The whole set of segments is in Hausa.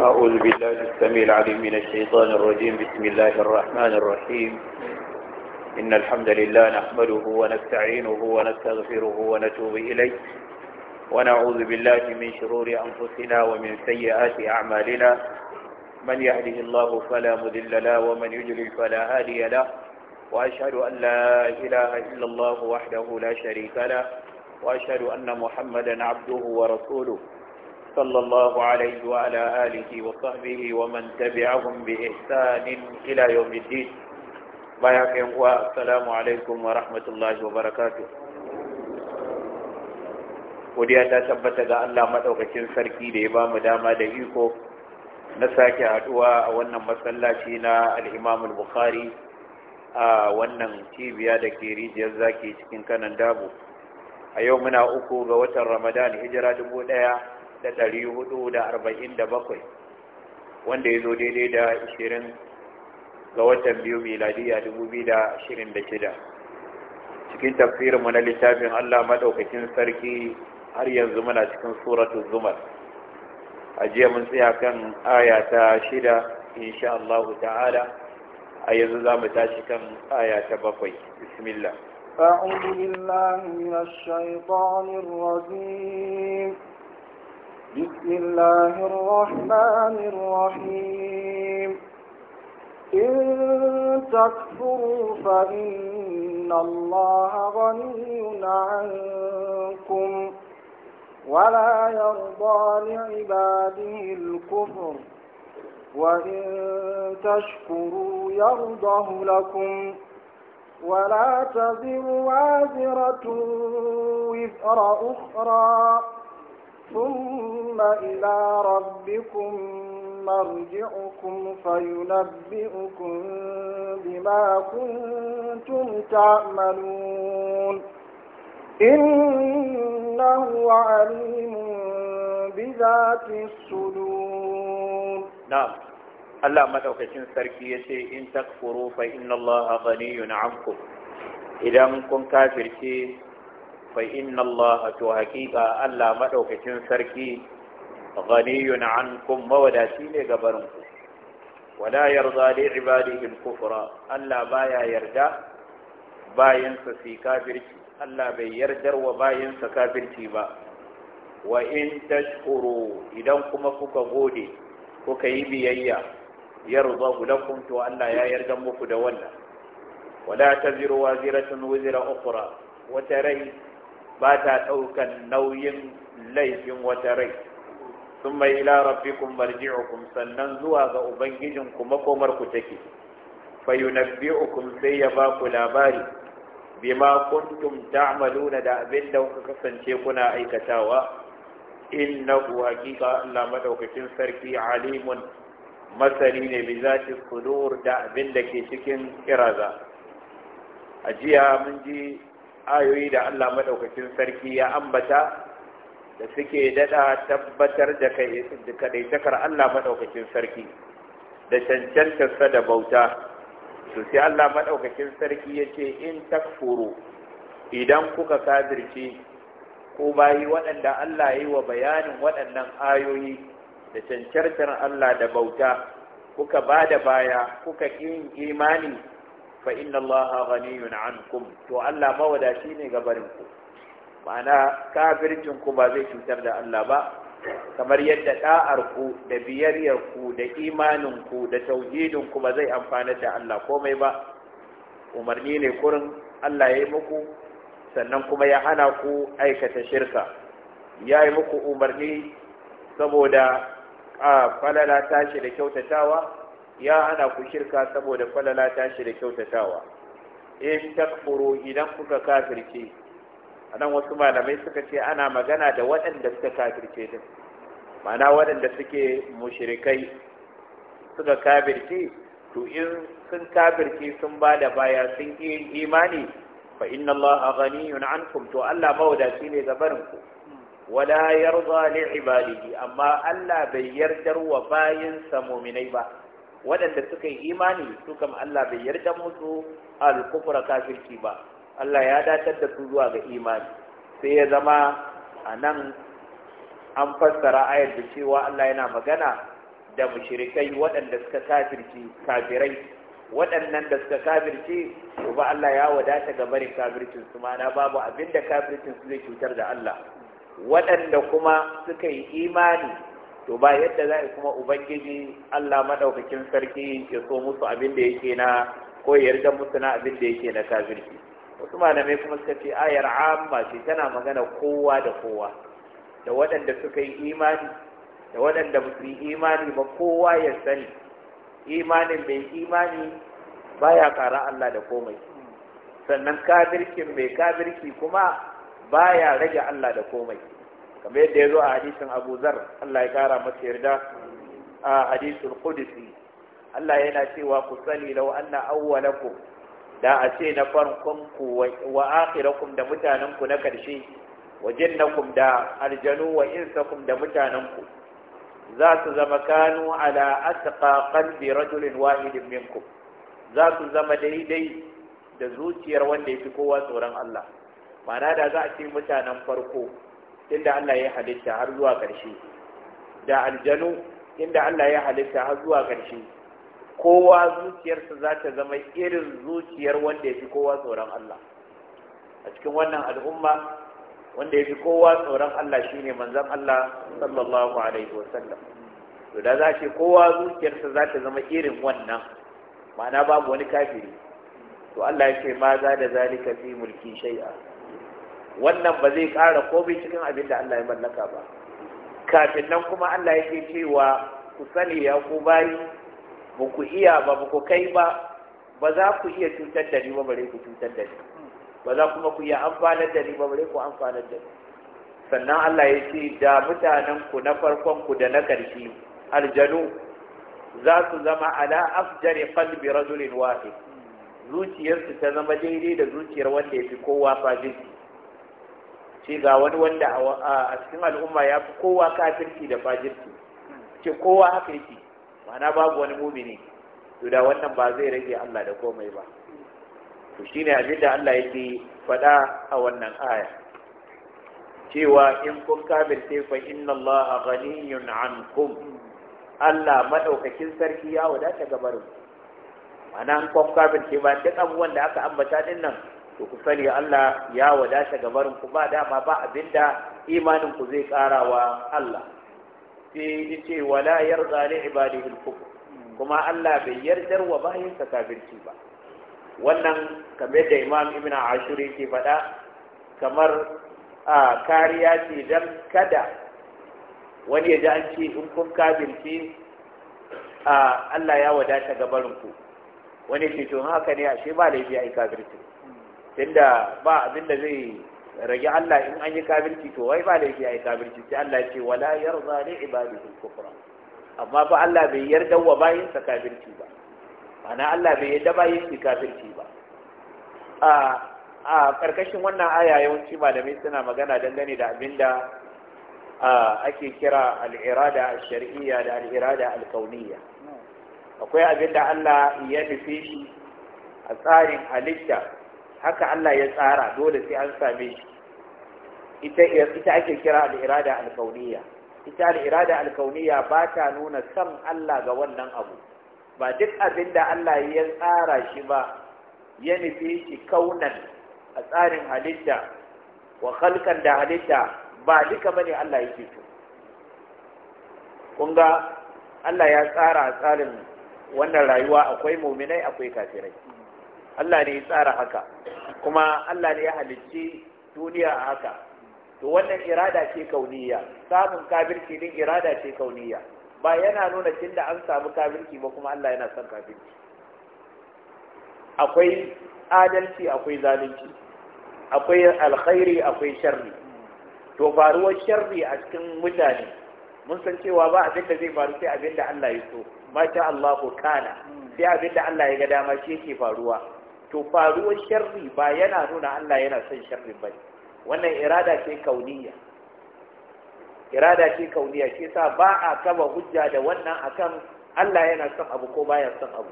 أعوذ بالله السميع العليم من الشيطان الرجيم بسم الله الرحمن الرحيم إن الحمد لله نحمده ونستعينه ونستغفره ونتوب إليه ونعوذ بالله من شرور أنفسنا ومن سيئات أعمالنا من يهده الله فلا مذل له ومن يجلل فلا هادي له وأشهد أن لا إله إلا الله وحده لا شريك له وأشهد أن محمدا عبده ورسوله صلى الله عليه وعلى آله وصحبه ومن تبعهم بإحسان إلى يوم الدين بياكم والسلام عليكم ورحمة الله وبركاته godiya ta tabbata ga Allah madaukakin sarki da ya bamu dama da iko na sake haɗuwa a wannan masallaci na al bukhari a wannan cibiya da ke rijiyar zaki cikin kanan dabo a yau muna uku ga watan Ramadan hijira dubu ɗaya. da ɗari hudu da arba'in da bakwai wanda ya zo daidai da shirin ga watan biyu miladiya dubu biyu da ashirin da shida cikin tafsirinmu na littafin allah maɗaukacin sarki har yanzu muna cikin suratun zumar a jiya mun tsaya kan aya ta shida insha allahu ta'ala a yanzu za mu tashi kan aya ta bakwai bismillah أعوذ بالله من الشيطان الرجيم بسم الله الرحمن الرحيم إن تكفروا فإن الله غني عنكم ولا يرضى لعباده الكفر وإن تشكروا يرضه لكم ولا تزر وازرة وزر أخرى ثم إلى ربكم مرجعكم فينبئكم بما كنتم تعملون إنه عليم بذات الصدور نعم Allah madaukakin sarki ya ce in takfuru fa inna Allah ghaniyun ankum idan kun kafirce fa inna Allah to hakika Allah madaukakin sarki ghaniyun ankum mawadaci ne gabarin ku wala yarda kufra Allah baya yarda bayansa su kafirci Allah bai yardar wa bayansa kafirci ba wa in idan kuma kuka gode kuka yi biyayya yarda lakum to Allah ya yarda muku da wannan wala taziru waziratun wizra ukhra wata rai ba ta ɗaukan nauyin laifin wata rai sun mai ila rabbikum hukum. sannan zuwa ga ubangijinku ku take fayunabbi'ukum sai ya ba ku labari bima kuntum ta'maluna da abin da kuka kasance kuna aikatawa innahu hakika Allah madaukakin sarki alimun masani ne bi zati sudur da abin da ke cikin ƙiraza. a jiya mun ji ayoyi da Allah madaukakin sarki ya ambata da suke dada tabbatar da kaɗaitakar Allah madaukakin sarki da cancantarsa da bauta to sai Allah madaukakin sarki yace in takfuru idan kuka kafirce ko bayi waɗanda Allah ya yi wa bayanin waɗannan ayoyi da cancantar Allah da bauta kuka ba da baya kuka ƙin imani fa inna Allah ghaniyun ankum to Allah mawadashi ne ga barinku ma'ana kafircin ku ba zai cutar da Allah ba kamar yadda da'ar ku da biyayyar ku da imanin ku da tauhidin ku ba zai amfana da Allah komai ba umarni ne kurin Allah ya yi muku sannan kuma ya hana ku aikata shirka ya yi muku umarni saboda a falala tashi da kyautatawa ya hana ku shirka saboda falala tashi da kyautatawa in eh, takfuru idan kuka kafirce anan wasu malamai suka ce ana magana da waɗanda suka kafirce din ma'ana waɗanda suke mushrikai suka kafirce to in sun kafirce sun ba da baya sun yi imani fa inna Allah ghaniyun ankum to Allah mawadaci ne ga barinku wala yarda li ibadihi amma Allah bai yardar wa bayinsa mu'minai ba waɗanda suka yi imani su kam Allah bai yarda musu al-kufra kafirci ba Allah ya datar da su zuwa ga imani sai ya zama a nan an fassara ayar da cewa Allah yana magana da mushrikai waɗanda suka kafirci kafirai waɗannan da suka kafirci to ba Allah ya wadata ga barin kafircin su babu abin da kafircin su zai cutar da Allah waɗanda kuma suka yi imani to ba yadda za a kuma ubangiji Allah madaukakin sarki ya so musu abin da yake na ko ya yarda musu na abin da yake na kafirci wasu malamai kuma suka ce ayar amma ce tana magana kowa da kowa da waɗanda suka yi imani da waɗanda ba yi imani ba kowa ya sani imanin mai imani baya ƙara Allah da komai sannan kafirkin mai kafirki kuma baya rage Allah da komai kamar yadda ya zo a hadisin Abu Zar Allah ya kara masa yarda a hadisul qudsi Allah yana cewa ku sani law anna awwalakum da a ce na farkon ku wa akhirakum da mutanen ku na karshe wa jannakum da aljanu wa insakum da mutanen ku za su zama kanu ala atqa qalbi rajulin wahidin minkum za su zama daidai da zuciyar wanda ya fi kowa tsoron Allah ma'ana da za a ce mutanen farko inda Allah ya halitta har zuwa ƙarshe da aljanu inda Allah ya halitta har zuwa ƙarshe kowa zuciyarsa za ta zama irin zuciyar wanda ya fi kowa tsoron Allah a cikin wannan al'umma wanda ya fi kowa tsoron Allah shi ne manzan Allah sallallahu alaihi wasallam to da za ce kowa zuciyarsa za ta zama irin wannan ma'ana babu wani kafiri to Allah ya ce ma za da zalika fi mulki shay'a wannan ba zai ƙara komai cikin abin da Allah ya mallaka ba kafin nan kuma Allah yake cewa ku sani ya ku bayi ba ku iya ba ba ku kai ba ba za ku iya cutar da ni ba bare ku cutar da ni ba za kuma ku iya amfanar da ni ba bare ku amfanar da ni sannan Allah ya ce da mutanen ku na farkon ku da na ƙarshe aljanu za su zama ala afjari qalbi rajulin wahid zuciyarsu ta zama daidai da zuciyar wanda ya fi kowa fajinsu sai ga wani wanda a cikin al'umma ya fi kowa kafirci da fajirci ce kowa haka yake ma'ana babu wani mumini to da wannan ba zai rage Allah da komai ba to shine abin da Allah yake faɗa a wannan aya cewa in kun kafirce fa inna Allah ghaniyun ankum Allah madaukakin sarki ya wadata gabarin ma'ana an kun kafirce ba duk abubuwan da aka ambata dinnan. to ku sani Allah ya wadata gabarin ku ba dama ba abinda imanin ku zai wa Allah sai ya ce wala yar li ibadihi al kuma Allah bai yardar wa bayinsa kafirci ba wannan kamar da Imam Ibn Ashur yake faɗa kamar a kariya ce don kada wani ya ji an ce in kun kafirci Allah ya wadata gabarin ku wani ce to haka ne ashe ba laifi yi kafirci tunda ba abinda zai rage Allah in an yi kabirci to wai ba da yake yi sai Allah ce wala yarda li ibadihi kufra amma ba Allah bai yarda wa bayin sa kafirci ba ana Allah bai yarda bayin sa kafirci ba a a karkashin wannan aya yawanci malamai suna magana dangane da abinda ake kira al-irada al-shar'iyya da al-irada al-kauniyya akwai abinda Allah ya nufi shi a tsarin halitta haka Allah ya tsara dole sai an same ita ake kira al-irada ita al-irada ba ta nuna san Allah ga wannan abu ba duk abin da Allah ya tsara shi ba ya nufi shi kaunan a tsarin halitta wa halkan da halitta ba duka bane Allah yake so kun Allah ya tsara a tsarin wannan rayuwa akwai muminai akwai kafirai Allah ne ya tsara haka kuma Allah ne ya halicci duniya a haka to wannan irada ce kauniya samun kafirci din irada ce kauniya ba yana nuna da an samu kafirci ba kuma Allah yana son kafirci akwai adalci akwai zalunci akwai alkhairi akwai sharri to faruwar sharri a cikin mutane mun san cewa ba abin da zai faru sai abin da Allah ya so masha Allah kana sai abin da Allah ya ga dama shi yake faruwa to faruwar sharri ba yana nuna Allah yana son sharri ba wannan irada ce kauniya irada ce kauniya ke sa ba a kaba hujja da wannan akan Allah yana son abu ko baya son abu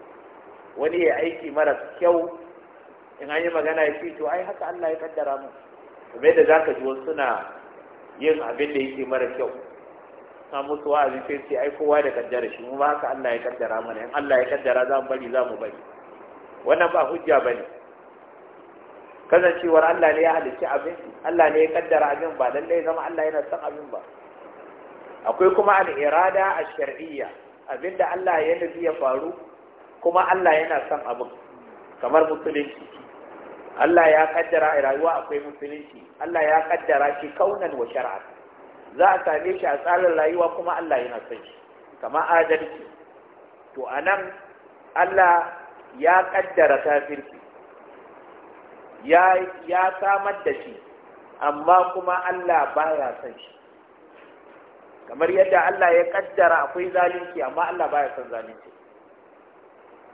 wani ya aiki mara kyau in an yi magana ya ce to ai haka Allah ya kaddara mu kuma yadda zaka ji wasu suna yin abin da yake mara kyau na mutuwa a sai ai kowa da kaddara shi mu ba haka Allah ya kaddara mana in Allah ya kaddara za mu bari za mu bari wannan ba hujja ba ne kasancewar Allah ne ya halicci abin Allah ne ya kaddara abin ba lallai zama Allah yana son abin ba akwai kuma al'irada a shar'iyya abinda Allah ya nufi ya faru kuma Allah yana son abin kamar musulunci Allah ya kaddara a rayuwa akwai musulunci Allah ya kaddara shi kaunan wa shar'a za a same shi a tsarin rayuwa kuma Allah yana son shi kamar adalci to a nan Allah ya kaddara kafirci ya ya samar da shi amma kuma Allah baya son shi kamar yadda Allah ya kaddara akwai zalunci amma Allah baya son zalunci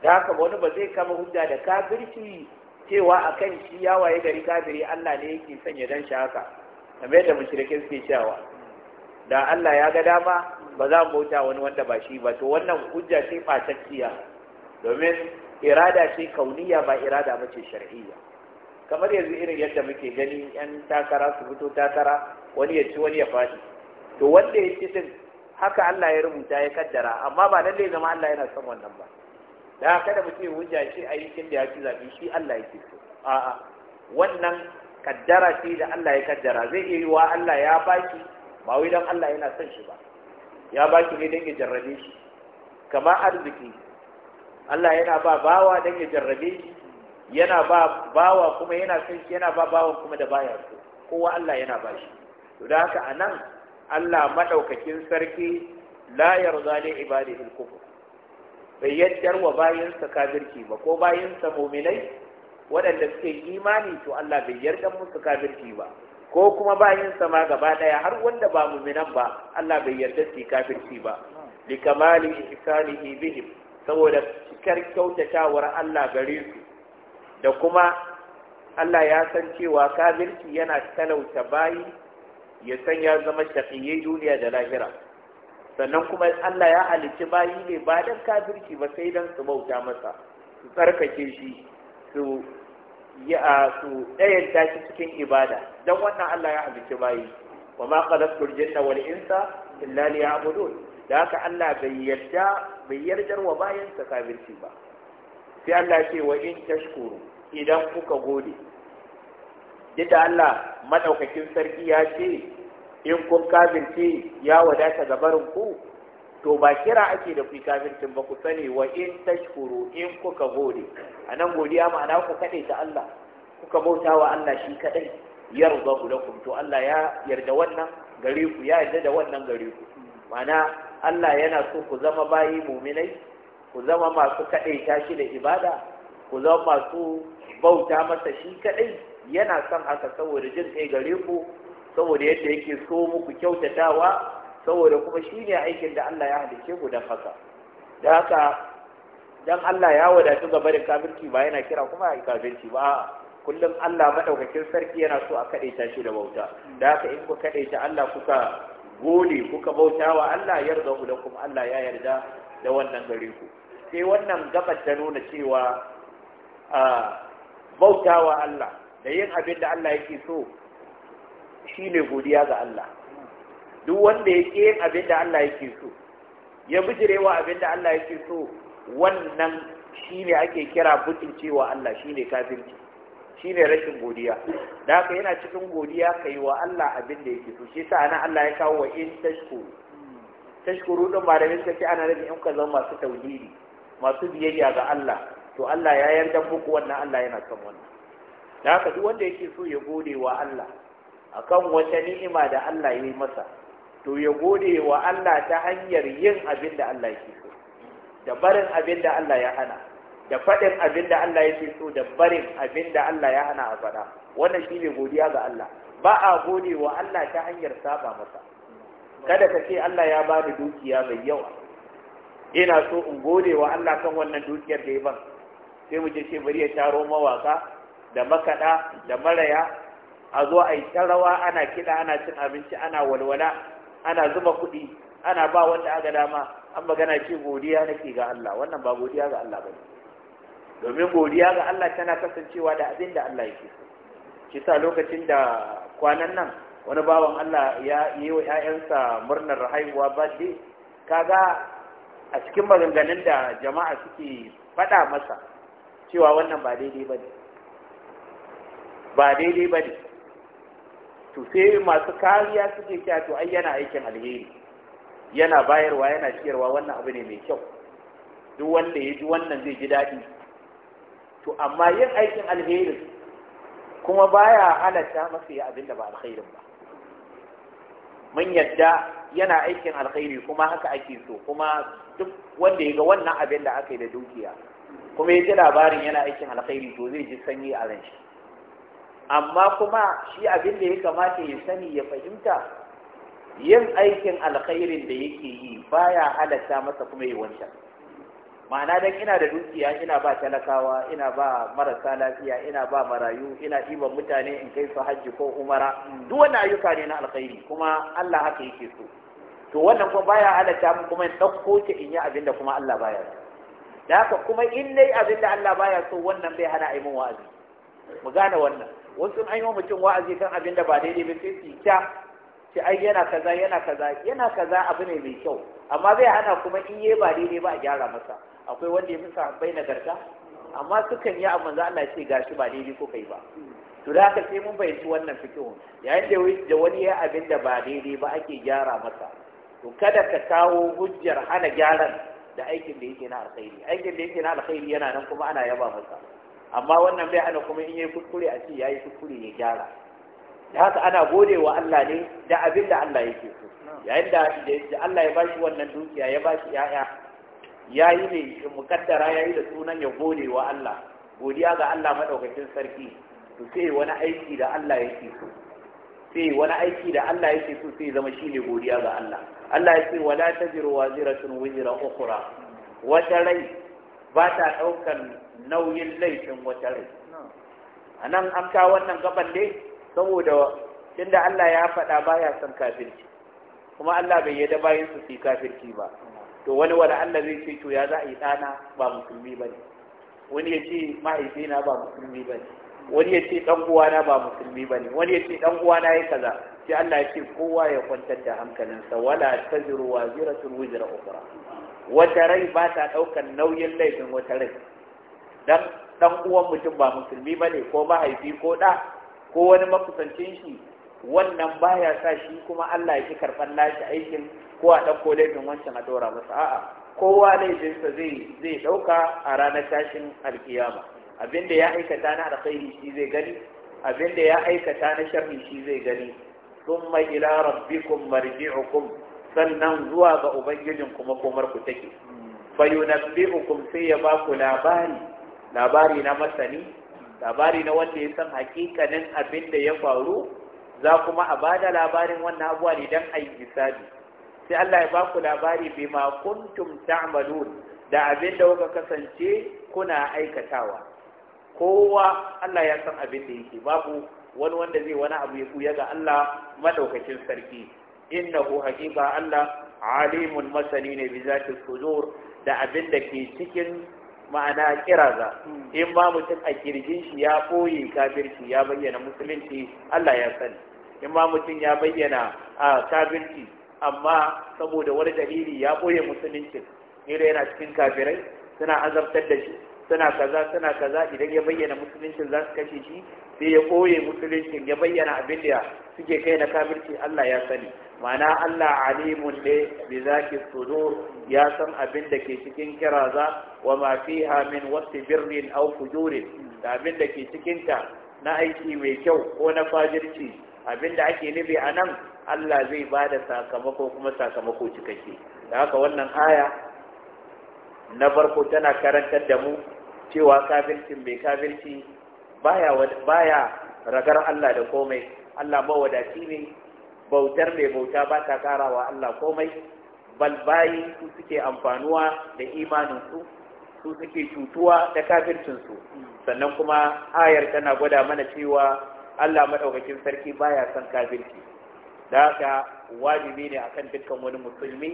da haka wani ba zai kama hujja da kafirci cewa akan shi ya waye gari kafiri Allah ne yake sanya dan shi haka kamar yadda mushrike suke cewa da Allah ya ga dama ba za mu bauta wani wanda ba shi ba to wannan hujja ce fatacciya domin irada ce kauniya ba irada ba ce shar'iyya kamar yanzu irin yadda muke gani yan takara su fito takara wani ya ci wani ya fadi. to wanda ya ci din haka Allah ya rubuta ya kaddara amma ba lalle zama Allah yana son wannan ba da kada mutum ya shi a yi da ya ci zabi shi Allah ya yake so a'a wannan kaddara ce da Allah ya kaddara zai iya yiwa Allah ya baki ba wai dan Allah yana son shi ba ya baki ne dan ya jarrabe shi kamar arziki Allah yana ba bawa dan ya jarrabe yana ba bawa kuma yana son shi yana ba bawa kuma da baya su kowa Allah yana ba shi to da haka anan Allah madaukakin sarki la zane, li ibadihi al bai yaddar wa bayansa kabirki ba ko bayansa muminai waɗanda suke imani to Allah bai yarda musu kabirki ba ko kuma bayansa ma gaba ɗaya har wanda ba muminan ba Allah bai yarda su kafirci ba likamali ihsanihi bihim saboda cikar kyautatawar Allah gare su da kuma Allah ya san cewa kafirci yana talauta bayi ya san ya zama shaqiyyi duniya da lahira sannan kuma Allah ya alici bayi ne ba don kafirci ba sai dan su bauta masa su tsarkake shi su ya su ɗayanta shi cikin ibada dan wannan Allah ya alici bayi wa ma khalaqtul jinna wal insa illa liya'budun da haka Allah bai yarda bai yardar wa bayan sa kafirci ba sai Allah ce wa in tashkuru idan kuka gode duk Allah madaukakin sarki ya ce in kun kafirce ya wadata ga barin ku to ba kira ake da ku kafircin ba ku sani wa in tashkuru in kuka gode anan godiya ma'ana ku kade ta Allah kuka bauta wa Allah shi kadai yarda lakum to Allah ya yarda wannan gare ku ya yarda da wannan gare ku ma'ana Allah yana so ku zama bayi muminai ku zama masu kaɗaita shi da ibada ku zama masu bauta masa shi kaɗai yana son haka saboda jin kai gare ku saboda yadda yake so muku kyautatawa saboda kuma shi ne aikin da Allah ya halice ku don haka da haka dan Allah ya wadatu gaba da kafirci ba yana kira kuma a kafirci ba kullum Allah madaukakin sarki yana so a kadaita tashi da bauta da haka in ku ta Allah kuka gode kuka bauta wa Allah yarda ku kuma Allah ya yarda da wannan gare ku sai wannan gabar ta nuna cewa a bauta wa Allah da yin abin da Allah yake so shi ne godiya ga Allah duk wanda yake yin abin da Allah yake so ya bijirewa abin da Allah yake so wannan shi ne ake kira cewa Allah shi shine kafirci shine rashin godiya da haka yana cikin godiya ka yi wa Allah abin da yake so shi yasa ana Allah ya kawo wa in tashkuru tashkuru din ba da suka ce ana rabin in ka zama masu tauhidi masu biyayya ga Allah to Allah ya yarda muku wannan Allah yana son wannan da haka duk wanda yake so ya gode wa Allah akan wata ni'ima da Allah ya yi masa to ya gode wa Allah ta hanyar yin abin da Allah yake so da barin abin da Allah ya hana da faɗin abin da Allah ya ce so da barin abin da Allah ya hana a faɗa wannan shi ne godiya ga Allah ba a gode wa Allah ta hanyar saba masa kada ka ce Allah ya ba ni dukiya mai yawa ina so in gode wa Allah kan wannan dukiyar da ya ban sai mu je ce bari ya taro mawaka da makaɗa da maraya a zo a yi ta rawa ana kiɗa ana cin abinci ana walwala ana zuba kuɗi ana ba wanda aga dama an magana ce godiya nake ga Allah wannan ba godiya ga Allah ba ne domin godiya ga Allah tana kasancewa da abin da Allah yake shi sa lokacin da kwanan nan wani bawan Allah ya yi wa ‘ya'yansa murnar haihuwa birthday kaga a cikin maganganun da jama'a suke faɗa masa cewa wannan ba daidai ba ne ba daidai ba ne to sai masu kariya suke cewa to ai yana aikin alheri yana bayarwa yana ciyarwa wannan abu ne mai kyau duk wanda ya ji wannan zai ji daɗi to amma yin aikin alherin kuma baya halatta masa ya abinda ba alkhairin ba mun yadda yana aikin alkhairi kuma haka ake so kuma duk wanda ya ga wannan abin da aka yi da dukiya kuma ya ji labarin yana aikin alkhairi to zai ji sanyi a ran shi amma kuma shi abin da ya kamata ya sani ya fahimta yin aikin alkhairin da yake yi baya halatta masa kuma ya wancan ma'ana dan ina da dukiya ina ba talakawa ina ba marasa lafiya ina ba marayu ina ɗiban mutane in kai su hajji ko umara duk wannan ayyuka ne na alkhairi kuma Allah haka yake so to wannan kuma baya halatta mu kuma in ɗauko ta in yi abin da kuma Allah baya so da haka kuma in nayi abin da Allah baya so wannan bai hana aimin wa'azi mu gane wannan wasu an yi wa mutum wa'azi kan abin da ba daidai ba sai su ta ce ai yana kaza yana kaza yana kaza abu ne mai kyau amma zai hana kuma in yi ba daidai ba a gyara masa akwai wanda ya fi sahabbai nagarta amma sukan yi amma za Allah ce gashi ba daidai ko kai ba to da haka sai mun bayyanci wannan fikihun yayin da wani ya abin da ba daidai ba ake gyara masa to kada ka kawo hujjar hana gyaran da aikin da yake na alkhairi aikin da yake na alkhairi yana nan kuma ana yaba masa amma wannan bai hana kuma in yayi kuskure a ce yayi kuskure ya gyara da haka ana gode wa Allah ne da abin da Allah yake so yayin da Allah ya bashi wannan dukiya ya bashi 'ya'ya ya yi ne mukaddara ya yi da sunan ya gode wa Allah godiya ga Allah madaukakin sarki to sai wani aiki da Allah yake so sai wani aiki da Allah yake so sai zama shi ne godiya ga Allah Allah ya ce wala tajiru waziratun wizra ukhra wata rai ba ta daukan nauyin laifin wata rai anan an ka wannan gaban ne saboda tunda Allah ya faɗa baya son kafirci kuma Allah bai yarda bayan su su kafirci ba to wani wani Allah zai ce to ya za a yi ɗana ba musulmi ba ne wani ya ce mahaifina ba musulmi ba ne wani ya ce ɗan uwana ba musulmi ba ne wani ya ce ɗan uwana ya kaza sai Allah ya ce kowa ya kwantar da hankalinsa wala taziru waziratun wizra ukura wata rai ba ta ɗaukar nauyin laifin wata rai dan dan uwan mutum ba musulmi ba ne ko mahaifi ko ɗa ko wani makusancin shi wannan baya sa shi kuma Allah ya ki karɓar nashi aikin ko a ɗauko laifin wancan a ɗora masa a'a kowa laifinsa zai zai ɗauka a ranar tashin alkiyama abinda ya aikata na alkhairi shi zai gani abinda ya aikata na sharri shi zai gani thumma ila rabbikum marji'ukum sannan zuwa ga ubangijin kuma komar ku take fayunabbi'ukum sai ya ba ku labari labari na masani labari na wanda ya san hakikanin abinda ya faru za kuma a bada labarin wannan abuwa ne don a yi sai Allah ya ba ku labari ma kuntum ta'malun da abin da kuka kasance kuna aikatawa kowa Allah ya san abin da yake babu wani wanda zai wani abu ya kuya ga Allah madaukakin sarki innahu haqiqa Allah alimun masani ne bi zati sudur da abin da ke cikin ma'ana kiraza in ma mutum a kirgin shi ya koyi kafirci ya bayyana musulunci Allah ya san. in ma mutum ya bayyana a ah, kafirci amma saboda wani dalili ya ɓoye musuluncin ne da yana cikin kafirai suna azabtar da shi suna kaza suna kaza idan ya bayyana musuluncin za su kashe shi sai ya ɓoye musuluncin ya bayyana abin da suke kai na kafirci Allah ya sani ma'ana Allah alimun ne bi zaki sudur ya san abin da ke cikin za wa ma fiha min wasi birrin aw da abin da ke cikinta na aiki mai kyau ko na fajirci abin da ake nufi a nan Allah zai ba da sakamako kuma sakamako cikakke da haka wannan haya na farko tana karantar da mu cewa kafircin mai kafirci baya baya ragar Allah da komai Allah mawadaci ne bautar mai bauta ba ta karawa Allah komai bal bayi su suke amfanuwa da imaninsu su suke cutuwa da kafircinsu sannan kuma ayar tana gwada mana cewa Allah maɗaukakin sarki baya son kafirci da haka wajibi ne akan dukkan wani musulmi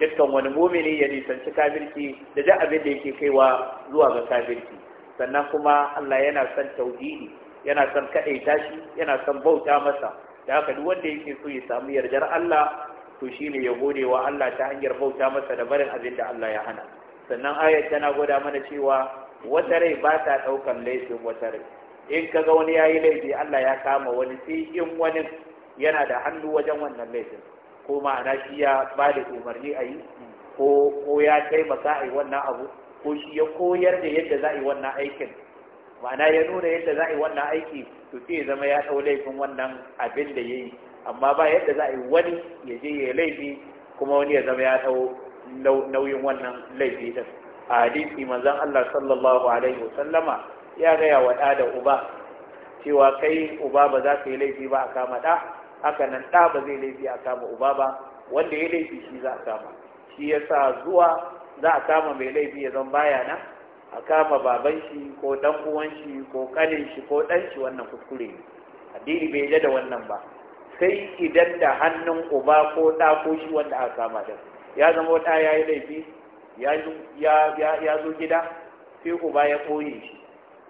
dukkan wani mumini ya nisanci kafirci da duk abin da yake kaiwa zuwa ga kafirci sannan kuma Allah yana son tauhidi yana son kaɗaita shi yana son bauta masa da haka duk wanda yake so ya samu yardar Allah to shine ya gode wa Allah ta hanyar bauta masa da barin abin da Allah ya hana sannan ayat tana gwada mana cewa wata rai ba ta ɗaukan laifin wata rai in kaga wani ya yi laifi Allah ya kama wani sai in wani yana da hannu wajen wannan laifin ko ma'ana shi ya ba da umarni a yi ko ya taimaka a yi wannan abu ko shi ya koyar da yadda za a yi wannan aikin ma'ana ya nuna yadda za a yi wannan aiki to sai zama ya ɗau laifin wannan abin da ya yi amma ba yadda za a yi wani ya je ya laifi kuma wani ya zama ya ɗau nauyin wannan laifi din a hadisi manzon Allah sallallahu alaihi wasallama ya gaya wa ɗa da uba cewa kai uba ba za ka yi laifi ba a kama ɗa haka nan ɗa ba zai laifi a kama uba ba wanda ya laifi shi za a kama shi ya sa zuwa za a kama mai laifi ya zama baya na? a kama baban shi ko dan uwan shi ko kanin shi ko dan shi wannan kuskure ne addini bai yadda da wannan ba sai idan da hannun uba ko ɗa ko shi wanda aka kama da ya zama ɗa ya yi laifi ya zo gida sai uba ya ɓoye shi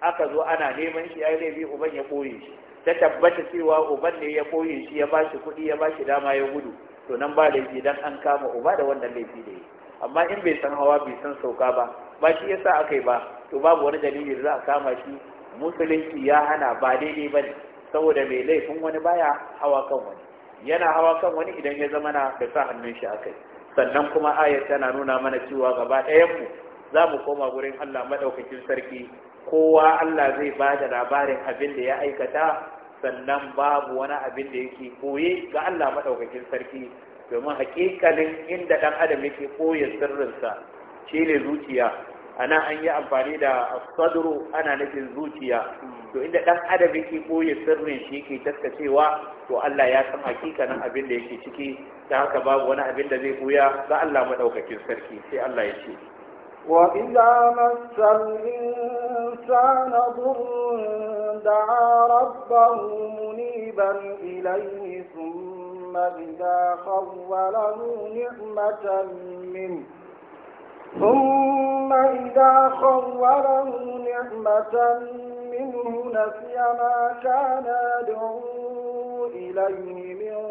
aka zo ana neman shi ya yi laifi uban ya ɓoye shi ta tabbata cewa uban ne ya koyi shi ya bashi kuɗi ya bashi dama ya gudu to nan ba laifi dan an kama uba da wannan laifi da yi amma in bai san hawa bai san sauka ba ba shi yasa aka yi ba to babu wani dalili da za a kama shi musulunci ya hana ba daidai ba ne saboda mai laifin wani baya hawa kan wani yana hawa kan wani idan ya zama na da sa hannun shi akai sannan kuma ayar tana nuna mana cewa gaba ɗayan mu za mu koma gurin Allah madaukakin sarki kowa Allah zai ba da labarin abin da ya aikata sannan babu wani abin da yake koye ga Allah maɗaukakin sarki domin hakikalin inda ɗan adam yake koye sirrinsa shi ne zuciya ana an yi amfani da sadro ana nufin zuciya to inda ɗan adam yake koye sirrin shi yake taskacewa to Allah ya san hakikanin abin da yake ciki ta haka babu wani abin da zai koya ga Allah maɗaukakin sarki sai Allah ya ce وإذا مس الإنسان ضر دعا ربه منيبا إليه ثم إذا خوله نعمة منه ثم إذا خوله نعمة منه نسي ما كان يدعو إليه من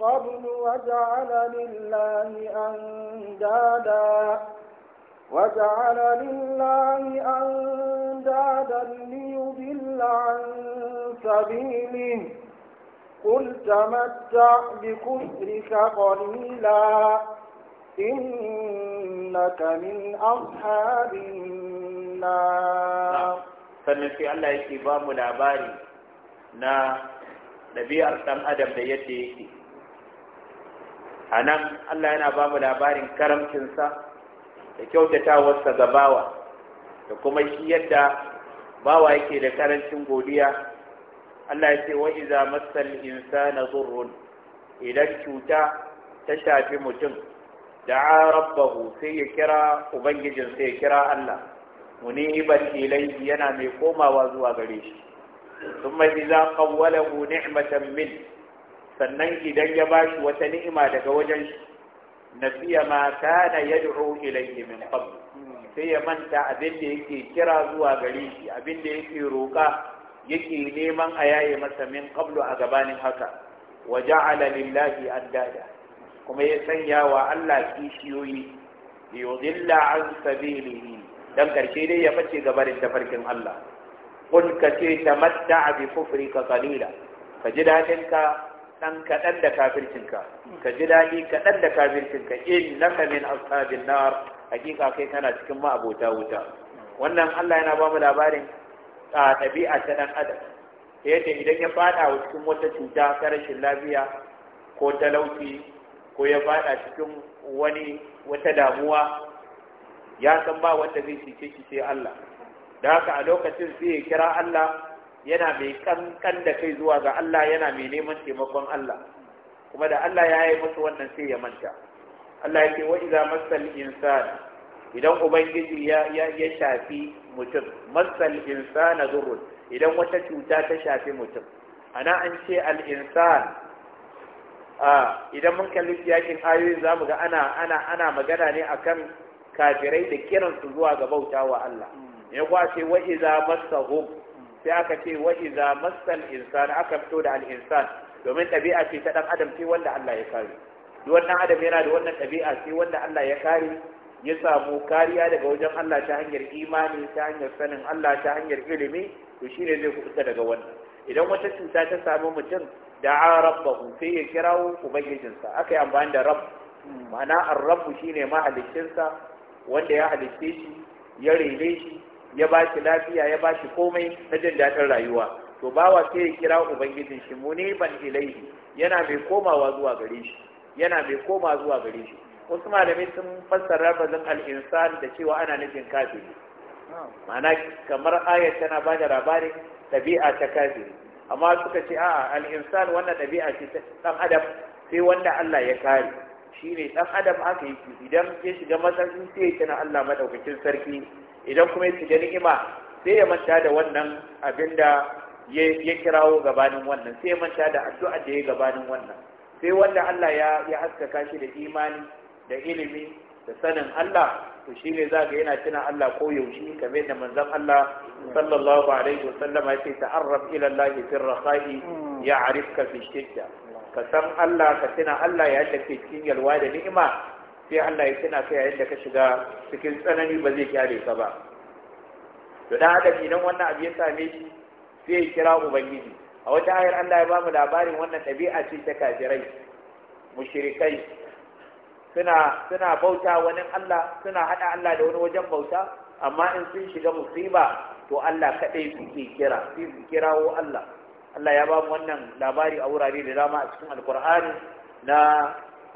قبل وجعل لله أندادا وجعل لله أندادا ليضل عن سبيله قل تمتع بكفرك قليلا إنك من أصحاب النار sannan sai Allah yake ba mu labari na ɗabi'ar ɗan adam da yadda yake a nan Allah yana ba mu labarin karamcinsa da wasa ga bawa da kuma shi yadda bawa yake da karancin godiya Allah ya ce wa iza masal insana zurrun idan cuta ta shafi mutum da'a rabbahu sai ya kira ubangijin sai ya kira Allah muniban ilayhi yana mai komawa zuwa gare shi kuma iza qawwalahu ni'matan min sannan idan ya bashi wata ni'ima daga wajen shi nasiya ma kana yad'u ilayhi min qabl sai ya manta abinda da yake kira zuwa gare shi abin da yake roƙa yake neman a yaye masa min qablu a gabanin haka wa ja'ala lillahi addada kuma ya sanya wa Allah kishiyoyi yudilla an sabilihi dan karshe dai ya face bace gabarin tafarkin Allah kun kace tamatta bi kufrika qalila ka Ka ji daɗin ka dan kaɗan da kafircinka ka ji daɗi kaɗan da kafircinka in naka min ashabin nar hakika kai kana cikin ma abota wuta wannan Allah yana ba mu labarin a tabi'a ta ɗan adam idan ya faɗa a cikin wata cuta ta rashin lafiya ko talauci ko ya faɗa cikin wani wata damuwa ya san ba wanda zai cece shi sai Allah da haka a lokacin sai ya kira Allah yana mai kankan da kai zuwa ga Allah yana mai neman taimakon Allah kuma da Allah ya yi masa wannan sai ya manta Allah ya ce wa idza masal insan idan ubangiji ya ya shafi mutum masal insana durrun idan wata cuta ta shafi mutum ana an ce al insan a idan mun kalli yakin ayoyin zamu ga ana ana ana magana ne akan kafirai da kiransu zuwa ga bautawa Allah hmm. ya kwace wa idza masahum sai aka ce wa iza masal insan aka fito da al-insan domin ɗabi'a ce ta ɗan adam sai wanda Allah ya kare duk wannan adam yana da wannan ɗabi'a sai wanda Allah ya kare ya samu kariya daga wajen Allah ta hanyar imani ta hanyar sanin Allah ta hanyar ilimi to shine zai kubuta daga wannan idan wata cuta ta samu mutum da'a rabbahu sai ya kirawo ubangijinsa aka yi amfani da rabb ma'ana ar-rabbu shine mahaliccinsa wanda ya halicce shi ya rene shi ya ba shi lafiya ya ba shi komai na jin daɗin rayuwa to bawa sai ya kira ubangijin shi ban ilaihi yana mai komawa zuwa gare shi yana mai koma zuwa gare shi wasu malamai sun fassara bazin al'insan da cewa ana nufin kafiri ma'ana kamar ayat tana ba da labarin ɗabi'a ta kafiri amma suka ce a'a al'insan wannan ɗabi'a ce ɗan adam sai wanda Allah ya kare shi ne ɗan adam haka yake idan ya shiga matsayin sai ya kina Allah maɗaukakin sarki idan kuma ya da ni'ima sai ya manta da wannan abin da ya kirawo gabanin wannan sai ya manta da addu'a da ya gabanin wannan sai wanda Allah ya ya haskaka shi da imani da ilimi da sanin Allah to shine za ga yana tuna Allah ko yaushe kamar da manzon Allah sallallahu alaihi wasallam ya ce ta'arraf ila Allah fi rakhai ya'rifka fi shidda ka san Allah ka tuna Allah ya take cikin yalwa da ni'ima sai Allah ya tana kai yayin da ka shiga cikin tsanani ba zai kyale ka ba to dan adam idan wannan abu ya same shi sai ya kira ubangiji a wata ayar Allah ya ba mu labarin wannan ɗabi'a ce ta kafirai mushrikai suna suna bauta wani Allah suna hada Allah da wani wajen bauta amma in sun shiga musiba to Allah kadai suke kira sai su kirawo Allah Allah ya ba mu wannan labari a wurare da dama a cikin alkur'ani na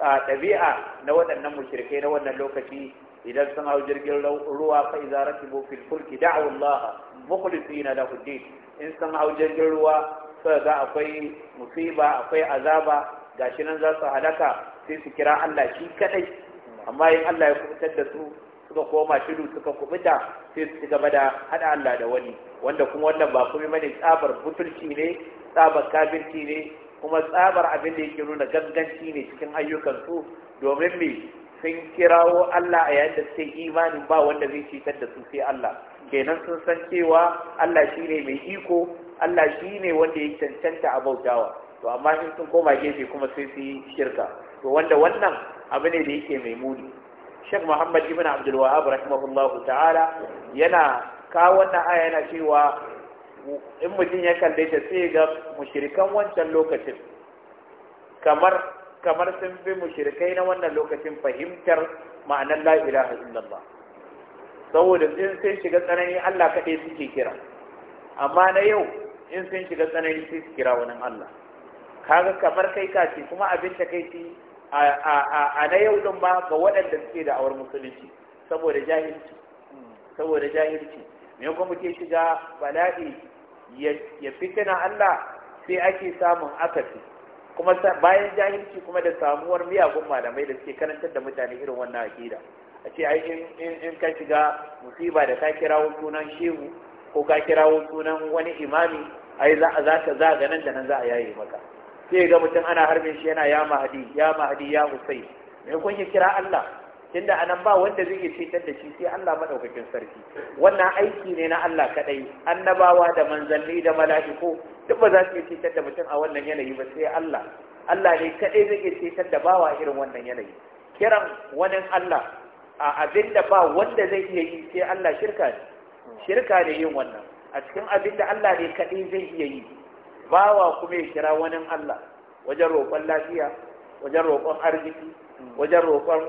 ɗabi'a na waɗannan mushrikai na wannan lokaci idan sun hau jirgin ruwa fa iza rakibu fil fulki da'u Allah mukhlisina lahu din in sun hau jirgin ruwa sai ga akwai musiba akwai azaba gashi nan za su halaka sai su kira Allah shi kadai amma in Allah ya kubutar da su suka koma shiru suka kubuta sai su gaba da hada Allah da wani wanda kuma wannan ba kuma mai tsabar butulci ne tsabar kafirci ne kuma tsabar abin da yake nuna ganganci ne cikin ayyukansu domin me sun kirawo Allah a yayin da suke imanin ba wanda zai cutar da su sai Allah kenan sun san cewa Allah shine mai iko Allah shine wanda ya cancanta a bautawa to amma in sun koma gefe kuma sai su yi shirka to wanda wannan abu ne da yake mai muni Sheikh Muhammad ibn Abdul Wahhab rahimahullahu ta'ala yana kawo wannan aya yana cewa in mutum ya kalle ta sai ga mushirikan wancan lokacin kamar kamar sun fi mushirikai na wannan lokacin fahimtar ma'anar la ilaha illallah saboda in sun shiga tsanani Allah kaɗai suke kira amma na yau in sun shiga tsanani sai su kira wani Allah kaga kamar kai kaci kuma abin ta kai a na yau din ba ga waɗanda suke da awar musulunci saboda jahilci saboda jahilci me kuma muke shiga bala'i ya fitina Allah sai ake samun akasi kuma bayan jahilci kuma da samuwar miyagun malamai da suke karantar da mutane irin wannan akida a ce ai in ka shiga musiba da ka kirawo sunan shehu ko ka kirawo sunan wani imami ai za za ka zaga nan da nan za a yaye maka sai ga mutum ana harbin shi yana ya mahadi ya mahadi ya husai me kun kira Allah tunda anan ba wanda zai iya cetar da shi sai Allah madaukakin sarki wannan aiki ne na Allah kadai annabawa da manzanni da mala'iku duk ba za su iya cetar da mutum a wannan yanayi ba sai Allah Allah ne kadai zai iya cetar da bawa irin wannan yanayi kiran wani Allah a abin da ba wanda zai iya yi sai Allah shirka ne shirka ne yin wannan a cikin abin da Allah ne kadai zai iya yi bawa kuma ya kira wani Allah wajen roƙon lafiya wajen roƙon arziki wajen roƙon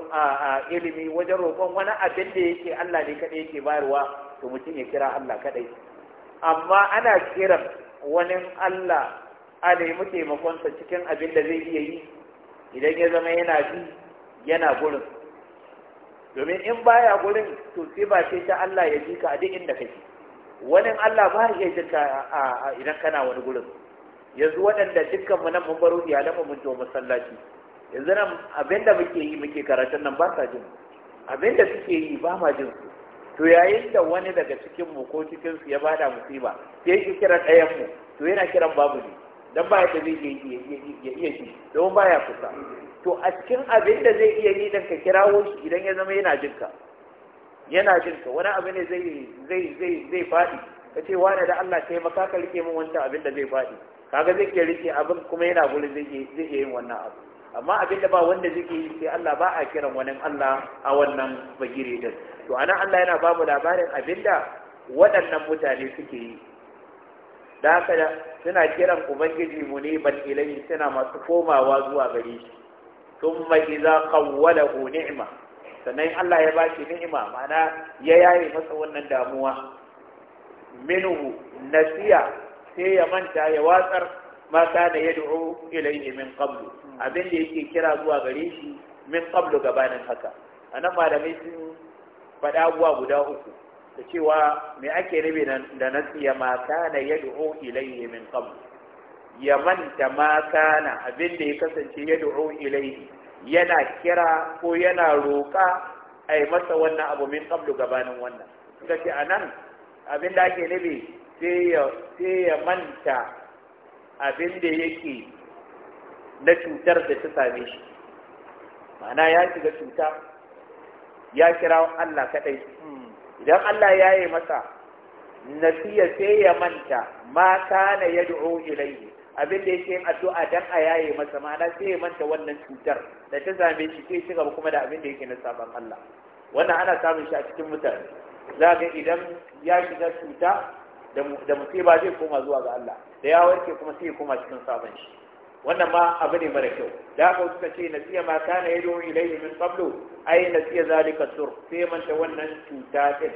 ilimi wajen roƙon wani abin da yake Allah ne kaɗai yake bayarwa to mutum ya kira Allah kaɗai amma ana kiran wani Allah a nemi taimakonsa cikin abin da zai iya yi idan ya zama yana bi yana gurin domin in baya gurin to sai ba ce ta Allah ya ji ka a duk inda kake wani Allah ba ya ji ka idan kana wani gurin yanzu waɗanda dukkan mu nan mun baro iyalan mu mun je masallaci yanzu nan da muke yi muke karatun nan ba sa jin da suke yi ba ma jin su to yayin da wani daga cikin mu ko cikin su ya bada musiba sai shi kira ɗayan mu to yana kiran babu ne dan ba da zai ya iya shi don ya kusa to a cikin abin da zai iya yi dan ka kirawo shi idan ya zama yana jin ka yana jin wani abu ne zai zai zai zai faɗi ka ce wani da Allah sai maka ka rike min wancan abin da zai faɗi kaga zai iya rike abin kuma yana gurin zai iya yin wannan abu amma abin da ba wanda zai yi sai Allah ba a kiran wani Allah a wannan bagire din to anan Allah yana ba mu labarin abin da waɗannan mutane suke yi da haka suna kiran ubangiji mu ne ban ilahi suna masu komawa zuwa gari. shi thumma idza qawwalahu ni'ma sannan Allah ya ba shi ni'ima ma'ana ya yaye masa wannan damuwa minhu nasiya sai ya manta ya watsar ma kana yad'u ilayhi min qablu abin da yake kira zuwa gare shi min qablu gabanin haka anan malamai sun faɗa abuwa guda uku da cewa me ake nufi da ya ma kana yad'u ilayhi min qablu ya manta ma kana abin da ya kasance yad'u ilayhi yana kira ko yana roƙa a yi masa wannan abu min qablu gabanin wannan kace anan abin da ake nabi sai ya manta abin da yake na cutar da ta same shi ma'ana ya shiga cuta ya kira Allah kaɗai idan Allah ya yi masa nasiya sai ya manta ma kana yad'u ilayhi abin da yake addu'a dan a yaye masa ma'ana sai ya manta wannan cutar da ta same shi sai shiga kuma da abin da yake na saban Allah wannan ana samun shi a cikin mutane za idan ya shiga cuta da musiba zai koma zuwa ga Allah da ya warke kuma sai ya koma cikin sabon shi wannan ma abu ne mara kyau da haka suka ce nasiya ma kana domin ilayi min qablu Ai nasiya zalika sur sai manta wannan cuta ɗin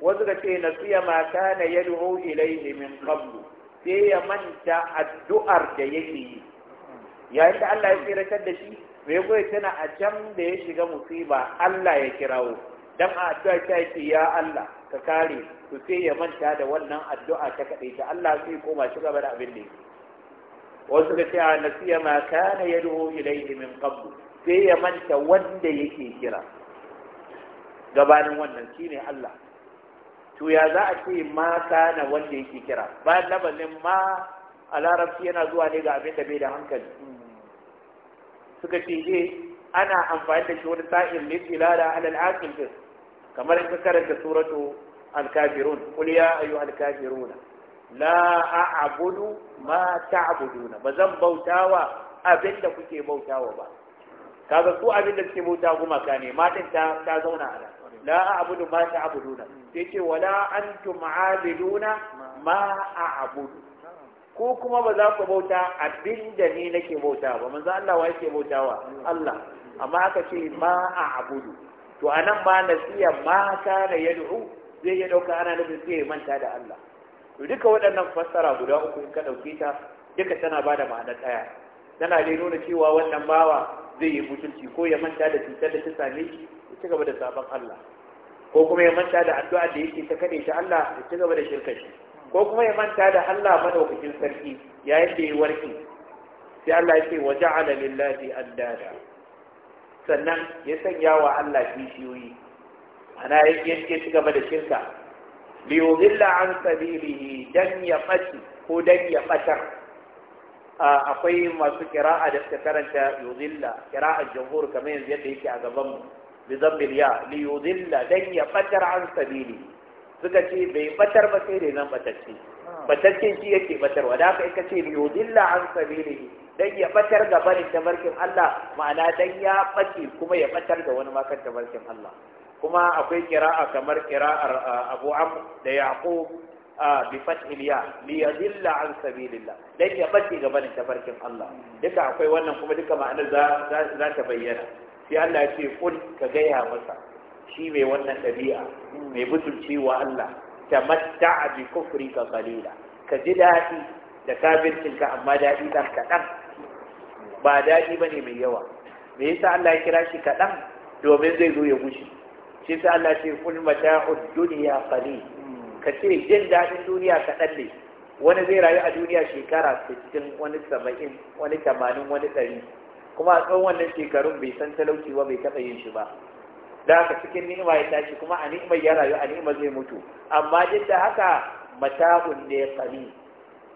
wasu ka ce nasiya ma kana domin ilayi min tsablo sai ya manta addu'ar da yake yi yayin da Allah ya tsiratar da shi ya goyi tana a can da ya shiga musiba Allah ya kirawo dan a addu'a ta yake ya Allah ka kare to sai ya manta da wannan addu'a ta kaɗai ta Allah sai koma shi gaba da abin da yake wasu ka ce a nasiya ma kana yad'u ilayhi min qabl sai ya manta wanda yake kira gabanin wannan shine Allah to ya za a ce ma kana wanda yake kira bayan labarin ma a larabci yana zuwa ne ga abin da bai da hankali suka ce eh ana amfani da shi wani sa'in lil ilada alal aqil din kamar in ka karanta suratu al-kafirun qul ya ayyuha al-kafirun la a'budu ma ta'buduna ba zan bautawa abin da kuke bautawa ba kaga su da suke bauta ka ne matan ta ta zauna ala la a'budu ma ta'buduna sai ce wala antum a'abiduna ma a'budu ko kuma ba za ku bauta abin da ni nake bauta ba manzo Allah wa yake bautawa Allah amma aka ce ma a'budu to a anan ma nasiya ma ya duhu zai ya dauka ana nufin sai ya manta da Allah to duka waɗannan fassara guda uku in ka dauke ta duka tana bada ma'ana ɗaya tana dai nuna cewa wannan bawa zai yi mutunci ko ya manta da cutar da ta same shi ya ci gaba da sabon Allah ko kuma ya manta da addu'a da yake ta kaɗe ta Allah ya ci gaba da shirka shi ko kuma ya manta da Allah madaukakin sarki yayin da ya warke sai Allah ya ce wa ja'ala lillahi andada sannan ya sanya wa Allah kishiyoyi ana yake ci gaba da shirka li yudilla an sabilihi dan ya fashi ko dan ya fata akwai masu kira'a da suka karanta yudilla kira'a jumhur kamar yanzu yadda yake a gaban mu bi zambil ya li dan ya fatar an sabili suka ce bai fatar ba sai dai nan batacce batakken shi yake batarwa da aka ita ce yudilla an sabilihi dan ya batar ga barin tabarkin Allah ma'ana dan ya bace kuma ya batar da wani makan tabarkin Allah kuma akwai kira'a kamar kira'ar Abu Amr da Yaqub bi fathil ya li yadilla an sabilillah dan ya bace ga barin tabarkin Allah duka akwai wannan kuma duka ma'anar za za ta bayyana sai Allah ya ce kul ka gaya masa shi mai wannan dabi'a mai butulcewa Allah tamatta bi kufrika da ka ji daɗi da ka amma daɗi ɗan kaɗan ba daɗi ba ne mai yawa me yasa Allah ya kira shi kaɗan domin zai zo ya gushi shi sa Allah ce kul mata'ud duniya qalil ka ce jin daɗin duniya kaɗan ne wani zai rayu a duniya shekara 60 wani 70 wani 80 wani 100 kuma a tsawon wannan shekarun bai san talauci ba bai taɓa yin shi ba da haka cikin ni'ima ya tashi kuma a ni'imar ya rayu a ni'imar zai mutu amma duk da haka mata'un ne qali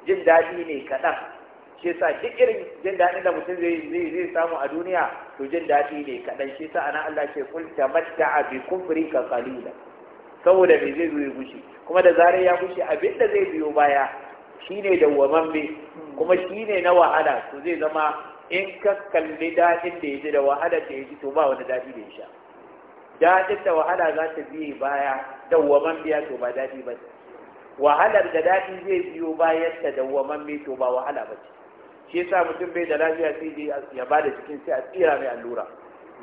jin daɗi ne kaɗan shi yasa duk irin jin daɗin da mutum zai zai samu a duniya to jin daɗi ne kaɗan shi yasa ana Allah ce kul tamatta'a bi ka qalila saboda me zai zo ya gushi kuma da zarar ya gushi abin da zai biyo baya shine dawwamamme kuma shine na wahala to zai zama in ka kalli daɗin da ya ji da wahalar da ya ji to ba wani daɗi da ya sha daɗin da wahala za ta biye baya dawwaman biya to ba daɗi ba ce wahalar da daɗi zai biyo bayan ta dawwaman mai to ba wahala ba ce shi yasa mutum bai da lafiya sai dai ya ba da cikin sai a tsira mai allura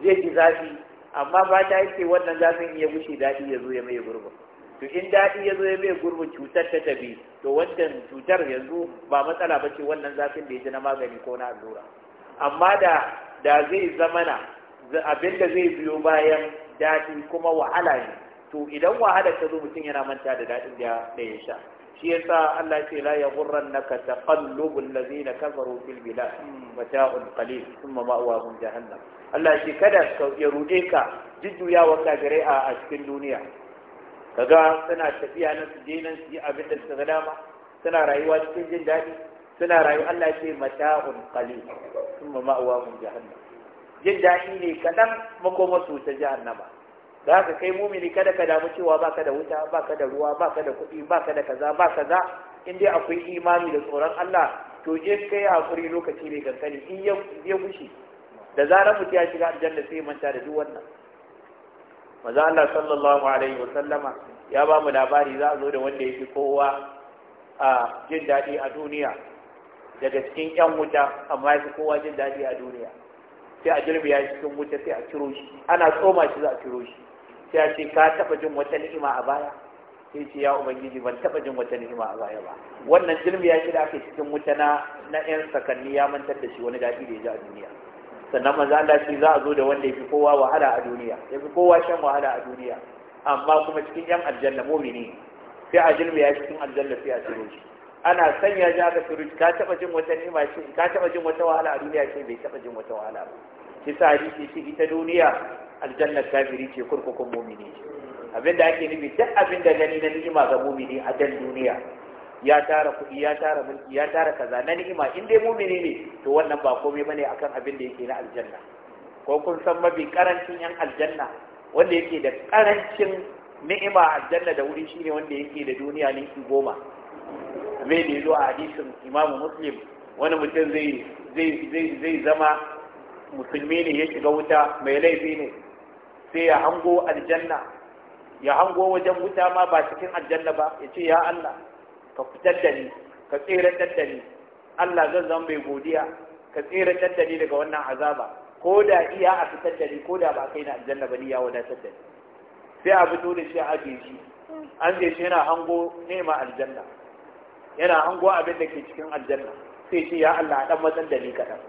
zai ji zafi amma ba ta yake wannan zafin iya gushe daɗi ya zo ya mai gurbin to in daɗi ya zo ya mai gurbin cutar ta tabi to wancan cutar yanzu ba matsala ba ce wannan zafin da ya ji na magani ko na allura amma da da zai zamana abin da zai biyo bayan daɗi kuma wahala ne to idan wahala ta zo mutum yana manta da daɗin da ya sha shi yasa Allah ce la yaghurrannaka taqallubul ladina kafaru fil bilad mata'un qalil thumma ma'wahum jahannam Allah shi kada ka ya rude ka jujjuya wa kagare a cikin duniya kaga suna tafiya nan su je nan su yi abin da suka dama suna rayuwa cikin jin daɗi suna rayuwa Allah ce mata'un qalil thumma ma'wahum jahannam jin daɗi ne kaɗan makoma su ta annaba da haka kai mumini kada ka damu cewa ba ka da wuta ba ka da ruwa ba ka da kuɗi ba ka da kaza ba ka za? in dai akwai imani da tsoron Allah to je kai hakuri lokaci ne kankani in ya gushi da zarar mutum ya shiga aljanna sai manta da duk wannan maza Allah sallallahu alaihi wa sallama ya ba mu labari za a zo da wanda ya fi kowa a jin daɗi a duniya daga cikin 'yan wuta amma ya fi kowa jin daɗi a duniya sai a jirbiya ya cikin wuta sai a ciro shi ana tsoma shi za a ciro shi sai a ce ka taba jin wata ni'ima a baya sai ce ya ubangiji ban taba jin wata ni'ima a baya ba wannan ya shi da aka cikin wuta na na yan sakanni ya mantar da shi wani daɗi da ya ji a duniya sannan manzo Allah shi za a zo da wanda yafi kowa wahala a duniya yafi kowa shan wahala a duniya amma kuma cikin yan aljanna mu'mini sai a jirbiya ya cikin aljanna sai a ciro shi ana sanya ji aka turu ka taba jin wata ni'ima ce ka taba jin wata wahala a duniya ce bai taba jin wata wahala ba kisa hadisi shi ita duniya aljanna kafiri ce kurkukun mumini abinda ake nufi duk abinda gani na ni'ima ga mumini a dan duniya ya tara kuɗi ya tara mulki ya tara kaza na ni'ima in dai mumini ne to wannan ba komai bane akan abin da yake na aljanna ko kun san mafi karancin yan aljanna wanda yake da karancin ni'ima aljanna da wuri shine wanda yake da duniya ninki goma abin da ya zo a hadisin imamu muslim wani mutum zai zama musulmi ne ya shiga wuta mai laifi ne sai ya hango aljanna ya hango wajen wuta ma ba cikin aljanna ba ya ce ya Allah ka fitar da ni ka tseratar da ni Allah zan zan bai godiya ka tseratar da ni daga wannan azaba ko da iya a fitar da ni ko da ba kai na aljanna ba ni ya wadatar da ni sai a fito da shi a ajiye shi an je shi yana hango nema aljanna yana hango abin da ke cikin aljanna sai ce ya Allah dan matsan da ni kaɗan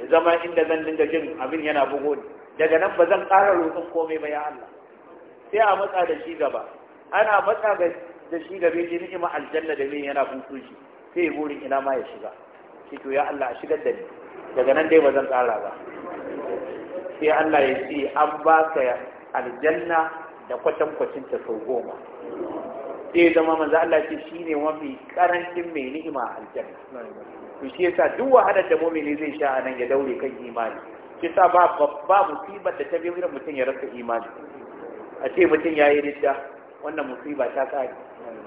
ya zama inda zan dinga jin abin yana bugo ni daga nan ba zan ƙara roƙon komai ba ya Allah sai a matsa da shi gaba ana matsa da shi gaba ji ni'ima aljanna da min yana funtu shi sai burin ina ma ya shiga shi to ya Allah a shigar da ni daga nan dai ba zan ƙara ba sai Allah ya ce an ba ka aljanna da kwatankwacin ta sau goma sai zama manzo Allah ce shine mafi karancin mai ni'ima a aljanna to shi yasa duk wahalar da mu'mini zai sha anan ya daure kan imani shi yasa ba babba musibar da ta bi irin mutum ya rasa imani a ce mutum ya yi ridda wannan musiba ta kare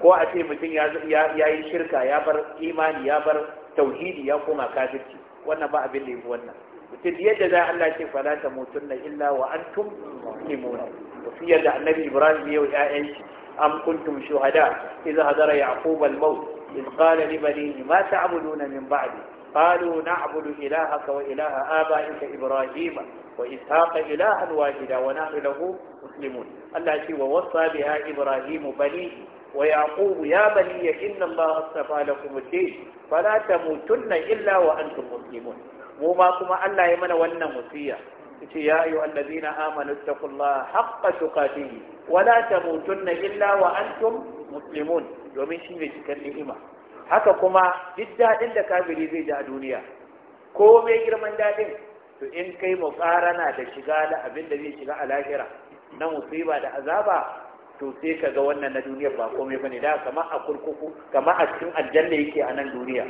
ko a ce mutum ya yi shirka ya bar imani ya bar tauhidi ya koma kafirci wannan ba abin da ya fi wannan mutum yadda za Allah ce fala ta mutunna illa wa antum muslimun wasiyar yadda annabi Ibrahim ya yi wa shi أم كنتم شهداء إذا هدر يعقوب الموت إذ قال لبنيه ما تعبدون من بعدي قالوا نعبد إلهك وإله آبائك إبراهيم وإسحاق إلها واحدا ونحن له مسلمون التي ووصى بها إبراهيم بنيه ويعقوب يا بني إن الله اصطفى لكم الدين فلا تموتن إلا وأنتم مسلمون وما كما ألا يمن ولنا مسيح ce ya ayu allazina amanu taqullaha haqqa tuqatih wa la na illa wa antum muslimun domin shi ne cikin ni'ima haka kuma duk daɗin da kafiri zai ji a duniya ko mai girman daɗin to in kai mu ƙarana da shiga da abin da zai shiga a lahira na musiba da azaba to sai ka ga wannan na duniyar ba komai bane da kama a kurkuku kama a cikin aljanna yake a nan duniya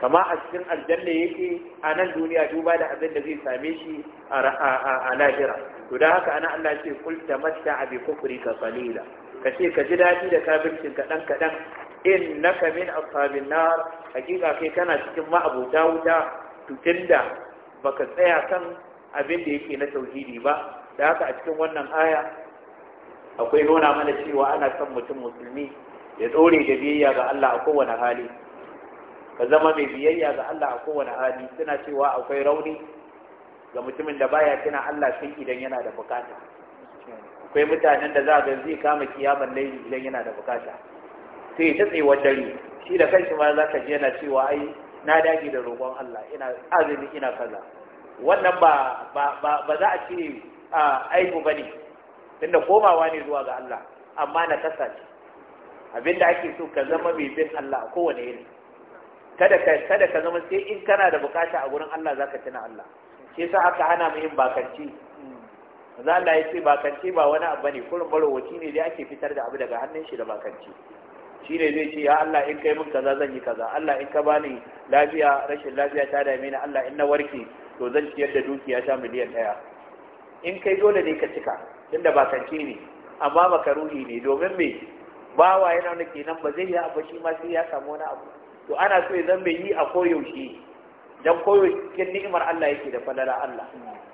kama a cikin aljanna yake a nan duniya duba da abin da zai same shi a lahira to da haka ana Allah ce kul mata bi kufrika ka kace ka ce ka ji daɗi da kafircin kaɗan dan kadan innaka min ashabin nar hakika kai kana cikin ma'abuta wuta ba baka tsaya kan abin da yake na tauhidi ba da haka a cikin wannan aya akwai nuna mana cewa ana son mutum musulmi ya dore da biyayya ga Allah a kowane hali ka zama mai biyayya ga Allah a kowane hali suna cewa akwai rauni ga mutumin da baya tuna Allah sai idan yana da bukata akwai mutanen da za ga zai kama kiyaman laili idan yana da bukata sai ta tsayuwar dare shi da kanshi ma za ka ji yana cewa ai na dage da roƙon Allah ina azumi ina kaza wannan ba ba ba za a ce aibu bane tunda komawa ne zuwa ga Allah amma na kasa ce abinda ake so ka zama mai bin Allah a kowane yini kada ka kada ka zama sai in kana da bukata a gurin Allah zaka tuna Allah shi yasa aka hana mu yin bakanci za Allah ya ce bakanci ba wani abu ne kurin shi ne dai ake fitar da abu daga hannun shi da bakanci shi ne zai ce ya Allah in kai min kaza zan yi kaza Allah in ka bani lafiya rashin lafiya ta dame ni Allah in na warke to zan ciyar da dukiya ta miliyan ɗaya in kai dole ne ka cika tunda bakanci ne amma makaruhi ne domin me bawa yana nake nan ba zai yi abu shi ma sai ya samu wani abu to ana so ya zan bai yi a koyaushe dan koyo cikin ni'imar Allah yake da falala Allah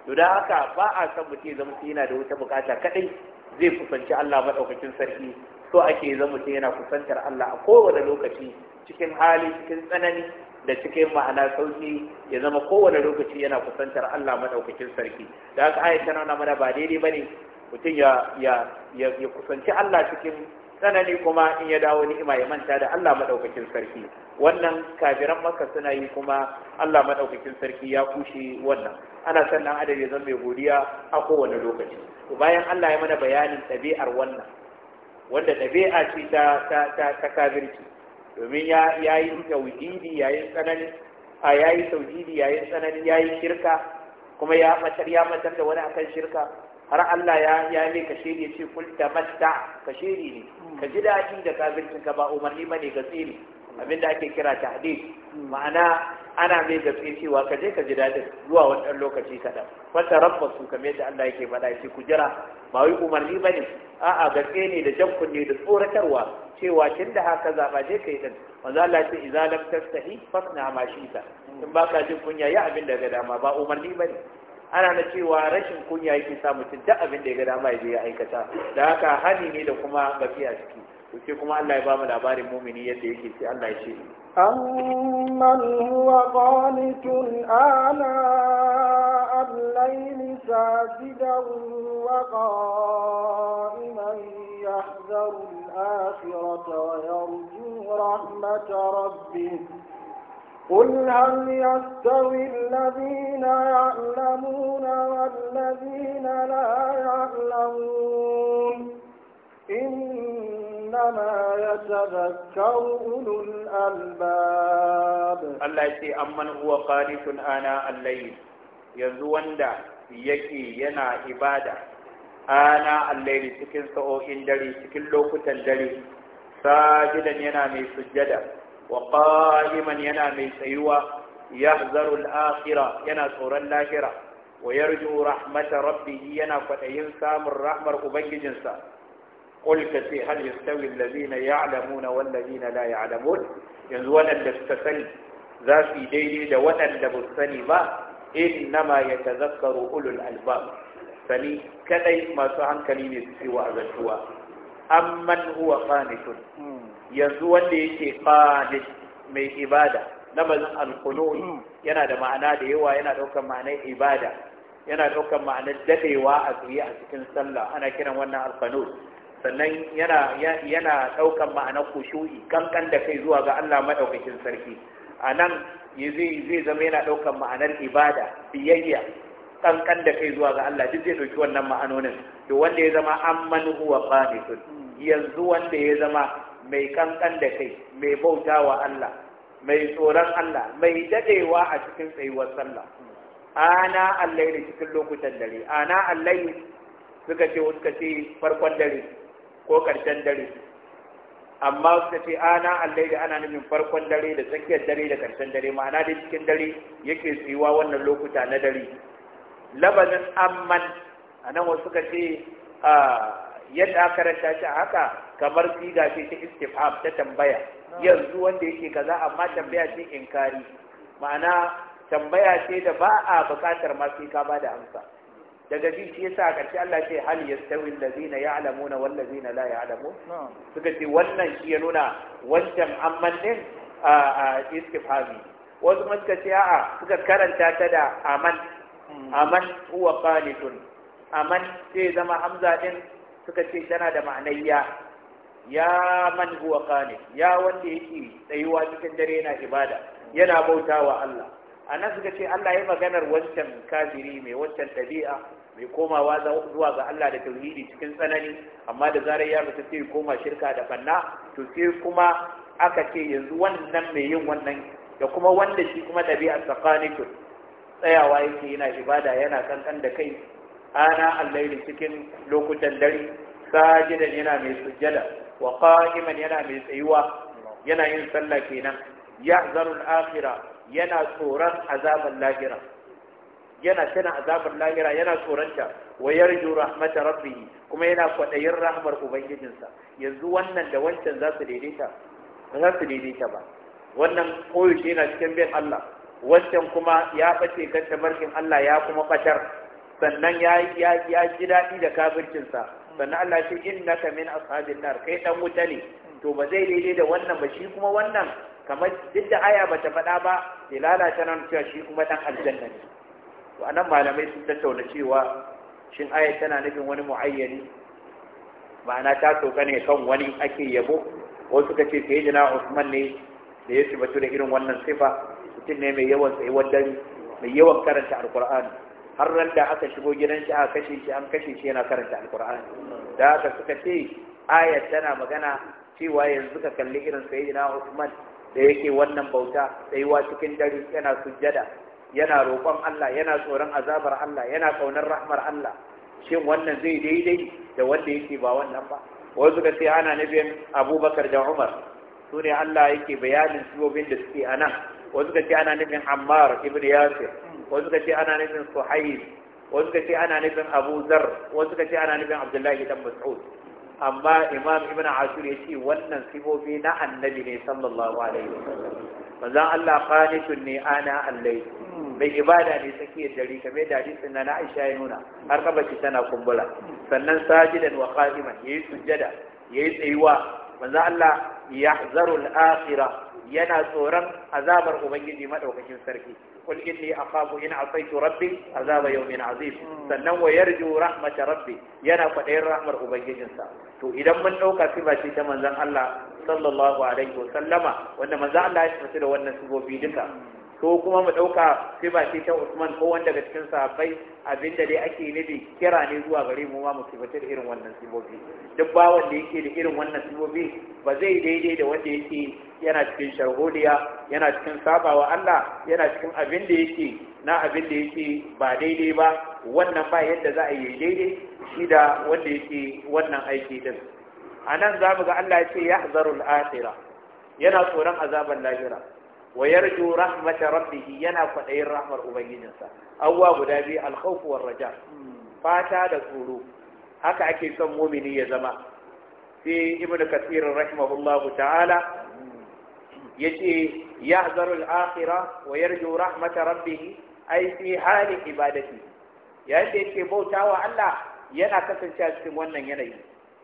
to dan haka ba a san mutum ya zama yana da wata bukata kadai zai kusanci Allah madaukakin sarki so ake zama mutum yana kusantar Allah a kowane lokaci cikin hali cikin tsanani da cikin ma'ana sauki ya zama kowane lokaci yana kusantar Allah madaukakin sarki da haka ayatan nan mana ba daidai bane mutum ya ya ya kusanci Allah cikin tsanani kuma in ya dawo ni'ima ya manta da Allah maɗaukakin sarki wannan kafiran maka suna yi kuma Allah maɗaukakin sarki ya kushe wannan ana sannan adadi zan mai godiya a kowane lokaci bayan Allah ya mana bayanin ɗabi'ar wannan wanda ɗabi'a ce ta ta ta kafirci domin ya yayi tauhidi yayin tsanani a yayi tauhidi yayin tsanani yayi shirka kuma ya matar ya matar da wani akan shirka har Allah ya ya mai ka shiri ce kul tamatta ka ne hmm. ka ji daɗi da kafircin ka ba umarni bane ne. Hmm. Abin da ake kira tahdid hmm. ma'ana ana mai gatsi cewa ka je ka ji daɗin zuwa wani ɗan lokaci kaɗan wata rabba su kamar yadda Allah yake faɗa ce ku jira ba wai umarni ba ne a'a gatsi ne da jan kunne da tsoratarwa cewa tun da haka zaɓa je kai yi ɗin wanzu Allah ce iza lam tastahi fasna ma shi in ba ka jin kunya ya abin da ga dama ba umarni ba ne ana na cewa rashin kunya yake sa mutum duk abin da ya ga dama ya je ya aikata da haka hani ne da kuma baki a ciki to sai kuma Allah ya ba mu labarin mumini yadda yake sai Allah ya ce amman huwa qanitun ana qa'iman yahzaru al-akhirata wa yarju rahmata rabbih قل هل يستوي الذين يعلمون والذين لا يعلمون إنما يتذكر أولو الألباب الله يسي أمن هو قانت آناء الليل يزوان دا yake yana ibada ana allaili cikin sa'o'in dare cikin lokutan dare sajidan yana mai sujjada wa qa'iman yana mai tsayuwa yahzaru al-akhirah yana tsoron lahira wa yarju rahmata rabbih yana kwadayin samun rahmar ubangijinsa qul kasi hal yastawi alladhina ya'lamuna wal ladina la ya'lamun yanzu waɗanda suka sani za su yi daidai da waɗanda ba sani ba innama yatazakkaru ulul albab sani kadai masu hankali ne su yi wa'azantuwa amman huwa qanitun hmm. yanzu wanda yake qanit mai ibada lafazin alkunun hmm. yana da ma'ana da yawa yana daukar ma'anar ibada yana daukar ma'anar dadewa a tsaye a cikin sallah ana kiran wannan alqunut sannan yana yana daukar ma'anar khushu'i kankan da kai zuwa ga Allah madaukakin sarki anan zai zama yana daukar ma'anar ibada biyayya kankan da kai zuwa ga Allah duk zai dauki wannan ma'anonin to wanda ya zama amman huwa qanitun hmm. yanzu wanda ya zama mai kankan da kai mai bauta wa Allah mai tsoron Allah mai dadewa a cikin tsayuwar sallah ana ne cikin lokutan dare ana ne suka ce suka ce farkon dare ko karshen dare amma suka ce ana da ana nufin farkon dare da tsakiyar dare da karshen dare ma'ana da cikin dare yake tsayuwa wannan lokuta na dare labanin amman a nan wasu suka ce ah, yadda aka karanta shi a haka kamar siga ce ta istifham ta tambaya yanzu wanda yake kaza amma tambaya ce inkari ma'ana tambaya ce da ba a buƙatar ma sai ka ba da amsa daga ji shi yasa a ƙarshe Allah ce hal yastawi allazina ya'lamuna wal ladzina la ya'lamun suka ce wannan shi ya nuna wancan amman din a istifhami wasu muka ce a'a suka karanta ta da aman hmm. aman huwa qanitun aman sai zama hamza din suka ce tana da ma'anayya ya man huwa qanit ya wanda yake tsayuwa cikin dare yana ibada yana bautawa Allah anan suka ce Allah ya maganar wancan kafiri mai wancan ɗabi'a mai komawa zuwa ga Allah da tauhidi cikin tsanani amma da zarar ya mutu sai koma shirka da banna to sai kuma aka ce yanzu wannan mai yin wannan da kuma wanda shi kuma ɗabi'ar sa tsayawa yake yana ibada yana kankan da kai ana allaili cikin lokutan dare sajidan yana mai sujjada wa qa'iman yana mai tsayuwa yana yin sallah kenan yahzaru al yana tsoron azabar lahira yana tana azabar lahira yana ta. wa yarju rahmata rabbih kuma yana kwadayin rahmar ubangijinsa yanzu wannan da wancan za su daidaita ba za su daidaita ba wannan koyaushe yana cikin bin Allah wancan kuma ya bace kan tabarkin Allah ya kuma fatar sannan ya ya ji daɗi da kafircinsa sannan Allah shi innaka min ashabin nar kai dan wuta ne to ba zai daidai da wannan ba shi kuma wannan kamar duk da aya bata faɗa ba ya lalata nan cewa shi kuma dan aljanna ne to anan malamai sun tattauna cewa shin aya tana nufin wani muayyani ma'ana ta sauka ne kan wani ake yabo wasu suka ce jina Usman ne da ya sibatu da irin wannan sifa mutum ne mai yawan tsayuwar dare mai yawan karanta alqur'ani har ran da aka shigo gidan shi aka kashe shi an kashe shi yana karanta alkur'ani da aka suka ce ayat tana magana cewa yanzu ka kalli irin sayyidina Usman da yake wannan bauta tsayuwa cikin dare yana sujjada yana roƙon Allah yana tsoron azabar Allah yana kaunar rahmar Allah shin wannan zai daidai da wanda yake ba wannan ba wasu ka ce ana nabin abubakar da umar su ne Allah yake bayanin sibobin da suke a nan wasu ka ce ana nufin ammar ibn yasir wasu ka ce ana nufin suhail wasu ka ce ana nufin abu zar wasu ka ce ana nufin abdullahi dan mas'ud amma imam ibn ashur ya ce wannan sifofi na annabi ne sallallahu alaihi wasallam manzon Allah qanitun ne ana allai bai ibada ne tsakiyar dare kamar da hadisin na Aisha ya nuna har kabaci tana kumbura sannan sajidan wa qadiman yayi sujjada yayi tsayuwa manzon Allah yahzaru al-akhirah yana tsoron azabar ubangiji madaukakin sarki قل إني أخاف إن عصيت ربي عذاب يوم عظيم sannan wa yarju rahmata rabbi yana kwaɗayin rahmar ubangijinsa to idan mun ɗauka sifa ce ta manzon Allah sallallahu alaihi wa sallama wanda manzon Allah ya tafi da wannan su sifofi duka ko kuma mu ɗauka sai ba ce ta Usman ko wanda daga cikin sahabbai abinda dai ake nufi kira ne zuwa gare mu ma mu sifata da irin wannan sibobi duk ba wanda yake da irin wannan sibobi ba zai daidai da wanda yake yana cikin sharholiya yana cikin sabawa Allah yana cikin abin da yake na abin da yake ba daidai ba wannan ba yadda za a yi daidai shi da wanda yake wannan aiki din a nan za mu ga Allah ya ce ya yana tsoron azaban lahira wa yarju rahmata rabbih yana kwadayin rahmar ubangijinsa awwa guda biyu al-khawf war raja fata da tsoro haka ake son mumini ya zama sai ibnu kathir rahimahullahu ta'ala yace yahzaru al akhira wa yarju rahmata rabbih ai fi hali ibadati yayin da yake bautawa Allah yana kasancewa cikin wannan yanayi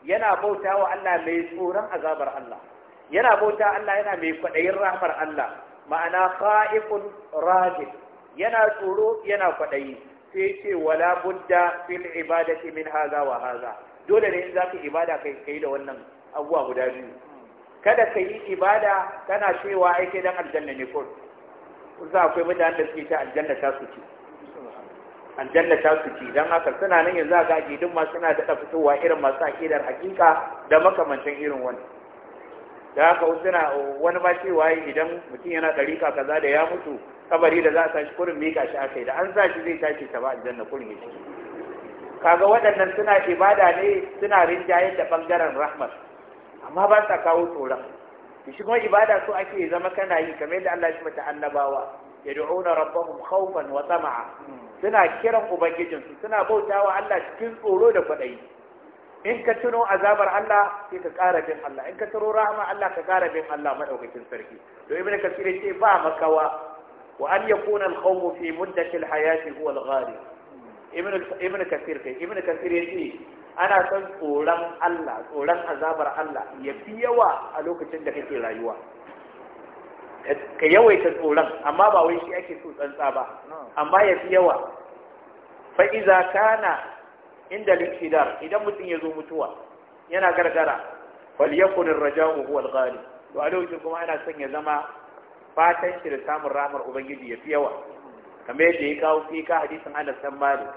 yana bautawa Allah mai tsoron azabar Allah yana bauta Allah yana mai kwaɗayin rahmar Allah ma'ana kha'ifun ragib yana tsoro yana kwaɗayi sai ce wala budda fil ibadati min haza wa haza dole ne in za ka ibada kai kai da wannan abuwa guda biyu kada ka yi ibada kana cewa ai kai dan aljanna ne ko za akwai mutanen da suke ta aljanna ta su ci aljanna ta su ci dan haka suna nan yanzu ga duk ma suna da fitowa irin masu akidar hakika da makamancin irin wannan da haka suna wani ma cewa idan mutum yana ka kaza da ya mutu kabari da za a sashi kurin mika shi akai da an sa zai tashi ta ba aljanna kurin shi kaga waɗannan suna ibada ne suna rinjaye da bangaren rahmat amma ba sa kawo tsoron shi kuma ibada so ake zama kana yi kamar yadda Allah shi mata annabawa du'una rabbahum khawfan wa tama'a hmm. suna kiran ubangijinsu suna bautawa Allah cikin tsoro da kwaɗayi in ka tuno azabar Allah sai ka ƙara bin Allah in ka tuno rahama Allah ka ƙara bin Allah madaukakin sarki to ibn kasir ce ba makawa wa an yakuna al-khawf fi muddati al-hayati huwa al-ghali ibn ibn kasir kai ibn kasir yace ana son tsoron Allah tsoron azabar Allah ya fi yawa a lokacin da kake rayuwa ka yawaita tsoron amma ba wai shi ake so tsantsa ba amma ya fi yawa fa iza kana inda likidar idan mutum ya zo mutuwa yana gargara falyakun raja'u huwa al-ghalib to a lokacin kuma ana son ya zama fatan shi da samun rahmar ubangiji ya fi yawa kamar yadda ya kawo fi ka hadisin Anas san Malik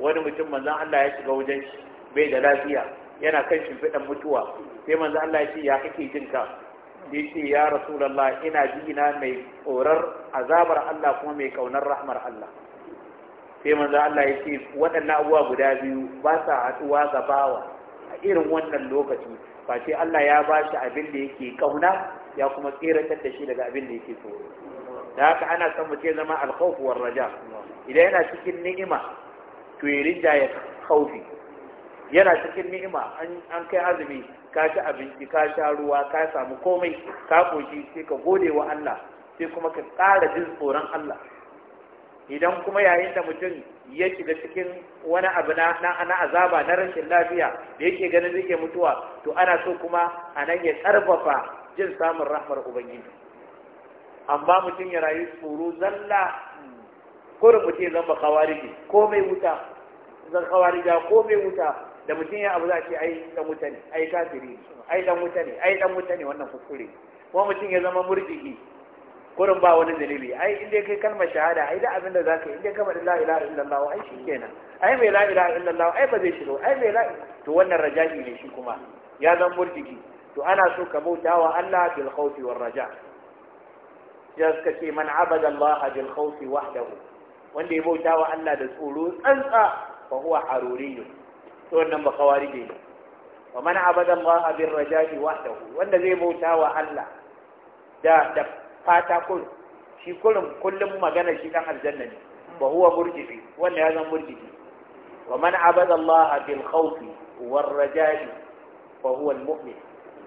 wani mutum manzon Allah ya shiga wajen shi bai da lafiya yana kan shimfiɗan mutuwa sai manzon Allah ya ce ya kake jin ka sai ce ya rasulullah ina jina mai tsorar azabar Allah kuma mai kaunar rahmar Allah sai manzo Allah ya ce waɗannan abubuwa guda biyu ba sa haɗuwa ga bawa a irin wannan lokaci ba sai Allah ya ba shi abin da yake kauna ya kuma tseratar da shi daga abin da yake so da haka ana son mutum zama alkhawf war raja idan yana cikin ni'ima to ya rinja ya khawfi yana cikin ni'ima an kai azumi ka ci abinci ka sha ruwa ka samu komai ka koshi sai ka gode wa Allah sai kuma ka ƙara jin tsoron Allah idan kuma yayin da mutum ya shiga cikin wani abu na azaba na rashin lafiya da yake ganin zai mutuwa to ana so kuma a nan ya karfafa jin samun rahmar ubangiji amma mutum ya rayu tsoro zalla da mutum ya zama kawariji ko mai wuta zan kawarija ko mai wuta da mutum ya abu za a ce ai dan wuta ne ai kafiri ai dan wuta ne ai dan wuta ne wannan kuskure kuma mutum ya zama murjigi kurin ba wani dalili ai inda kai kalmar shahada ai da abin da za ka yi inda kama da la ilaha illallah ai shi kenan ai mai la ilaha illallah ai ba zai shigo ai mai la to wannan raja'i ne shi kuma ya zan murtiki to ana so ka bauta wa Allah bil khawfi war raja ya suka ce man abada Allah bil khawfi wahdahu wanda ya bauta wa Allah da tsoro tsantsa fa huwa haruriyyu to wannan ba khawarije ne wa man abada Allah bil raja'i wahdahu wanda zai bauta wa Allah da da fata kullum shi kullum kullum magana shi dan aljanna ne wa huwa murjifi wannan ya zan murjifi wa man abada Allah bil khawfi war raja'i fa huwa al mu'min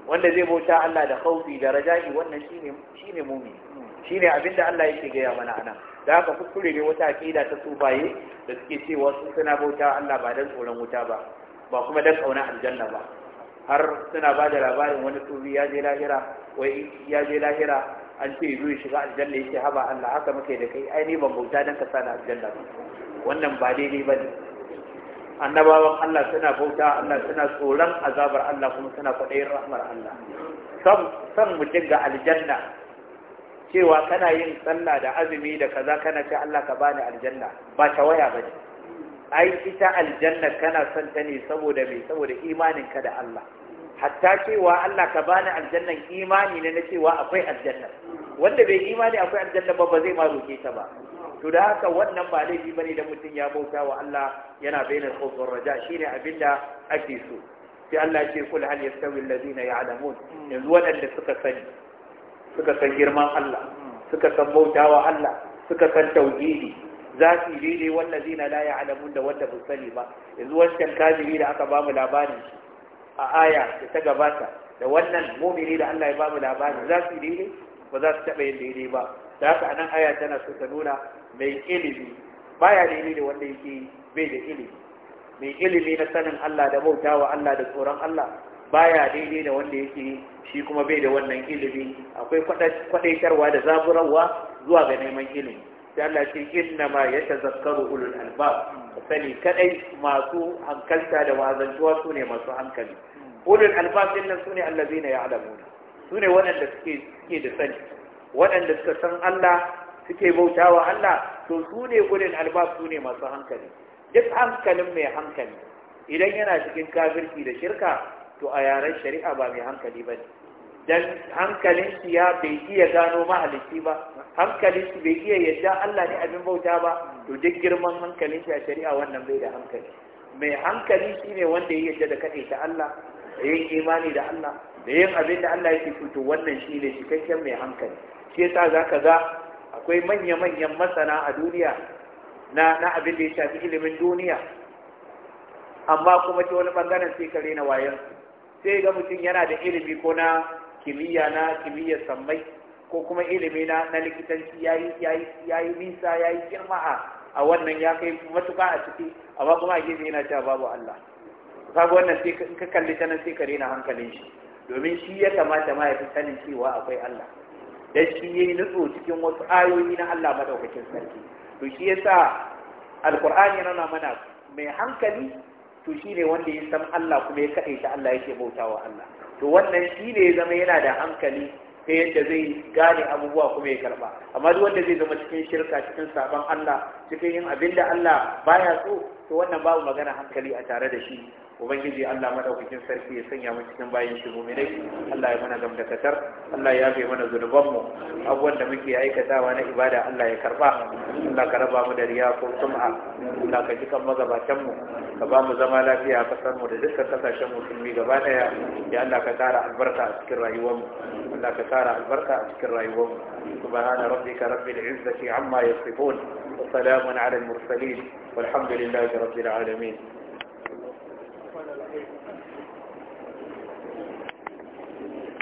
wanda zai bauta Allah da khawfi da raja'i wannan shine shine mu'min shine abinda Allah yake gaya mana anan da haka kuskure ne wata akida ta sufaye da suke cewa su suna bauta Allah ba dan tsoron wuta ba ba kuma dan kauna aljanna ba har suna ba da labarin wani sufi ya je lahira wai ya je lahira an ce zo shiga aljanna ya ce haba Allah haka muke da kai Aini ban bauta dan ka sani aljanna ba wannan ba daidai ba ne annabawan Allah suna bauta Allah suna tsoron azabar Allah kuma suna kwaɗayin rahmar Allah san mutum ga aljanna cewa kana yin sallah da azumi da kaza kana ce Allah ka bani aljanna ba ta waya ba ne ai ita aljanna kana son ta ne saboda mai saboda imaninka da Allah hatta cewa Allah ka bani aljannan imani ne na cewa akwai aljanna wanda bai imani akwai aljanna ba ba zai ma roke ta ba to da haka wannan ba laifi bane da mutum ya bauta wa Allah yana bayyana khawfin raja shine abinda ake so sai Allah ce kul hal yastawi alladhina ya'lamun yanzu wadanda suka sani suka san girman Allah suka san bautawa Allah suka san tauhidi za su yi ne wallazina la ya'lamun da wanda bai sani ba yanzu wancan kafiri da aka bamu labarin a aya ta gabata da wannan mu'mini da Allah ya bamu labarin za su yi ne ba za su taɓa yin daidai ba da haka anan aya tana so ta nuna mai ilimi ya daidai da wanda yake bai da ilimi mai ilimi na sanin Allah da bautawa Allah da tsoron Allah ya daidai da wanda yake shi kuma bai da wannan ilimi akwai kwaɗaitarwa da zaburarwa zuwa ga neman ilimi sai Allah ce inna ma Zakaru ulul albab sani kadai masu hankalta da wazantuwa sune masu hankali ulul albab din nan sune allazina ya'lamuna su ne waɗanda suke da sani waɗanda suka san Allah suke bautawa Allah to su ne gudun albab su ne masu hankali duk hankalin mai hankali idan yana cikin kafirki da shirka to a yaren shari'a ba mai hankali ba ne dan hankalin shi ya bai iya gano mahalicci ba hankalin shi bai iya yadda Allah ne abin bauta ba to duk girman hankalin shi a shari'a wannan bai da hankali mai hankali shine wanda ya yadda da kaɗai ta Allah ya yin imani da Allah da yin abin da Allah yake fito wannan shi ne cikakken mai hankali shi yasa za ka ga akwai manya-manyan masana a duniya na na abin da ya shafi ilimin duniya amma kuma ce wani ɓangaren sai kare na wayan sai ga mutum yana da ilimi ko na kimiyya na kimiyya sammai ko kuma ilimi na na likitanci yayi yayi yayi nisa yayi girma a wannan ya kai matuka a ciki amma kuma a gefe yana cewa babu Allah kaga wannan sai ka kalli ta nan sai kare na hankalin shi domin shi ya kamata ma ya fi sanin cewa akwai Allah dan shi yi nutso cikin wasu ayoyi na Allah maɗaukacin sarki to shi yasa alqur'ani yana mana mai hankali to shi ne wanda ya san Allah kuma ya kaɗe ta Allah yake bautawa Allah to wannan shi ne ya zama yana da hankali ta yadda zai gane abubuwa kuma ya karba amma duk wanda zai zama cikin shirka cikin sabon Allah cikin yin abin da Allah baya so to wannan babu magana hankali a tare da shi ubangiji Allah madaukakin sarki ya sanya mu cikin bayin shi mu'minai Allah ya mana gamdakatar Allah ya yafe mana zunuban mu abubuwan da muke aikatawa na ibada Allah ya karba Allah ka raba mu da riya ko sum'a Allah ka ji magabatan mu ka ba mu zama lafiya a kasar mu da dukkan kasashen musulmi gaba daya ya Allah ka tara albarka a cikin rayuwar mu Allah ka tara albarka a cikin rayuwar mu subhana rabbika rabbil izzati amma yasifun wa salamun ala al mursalin والحمد لله رب العالمين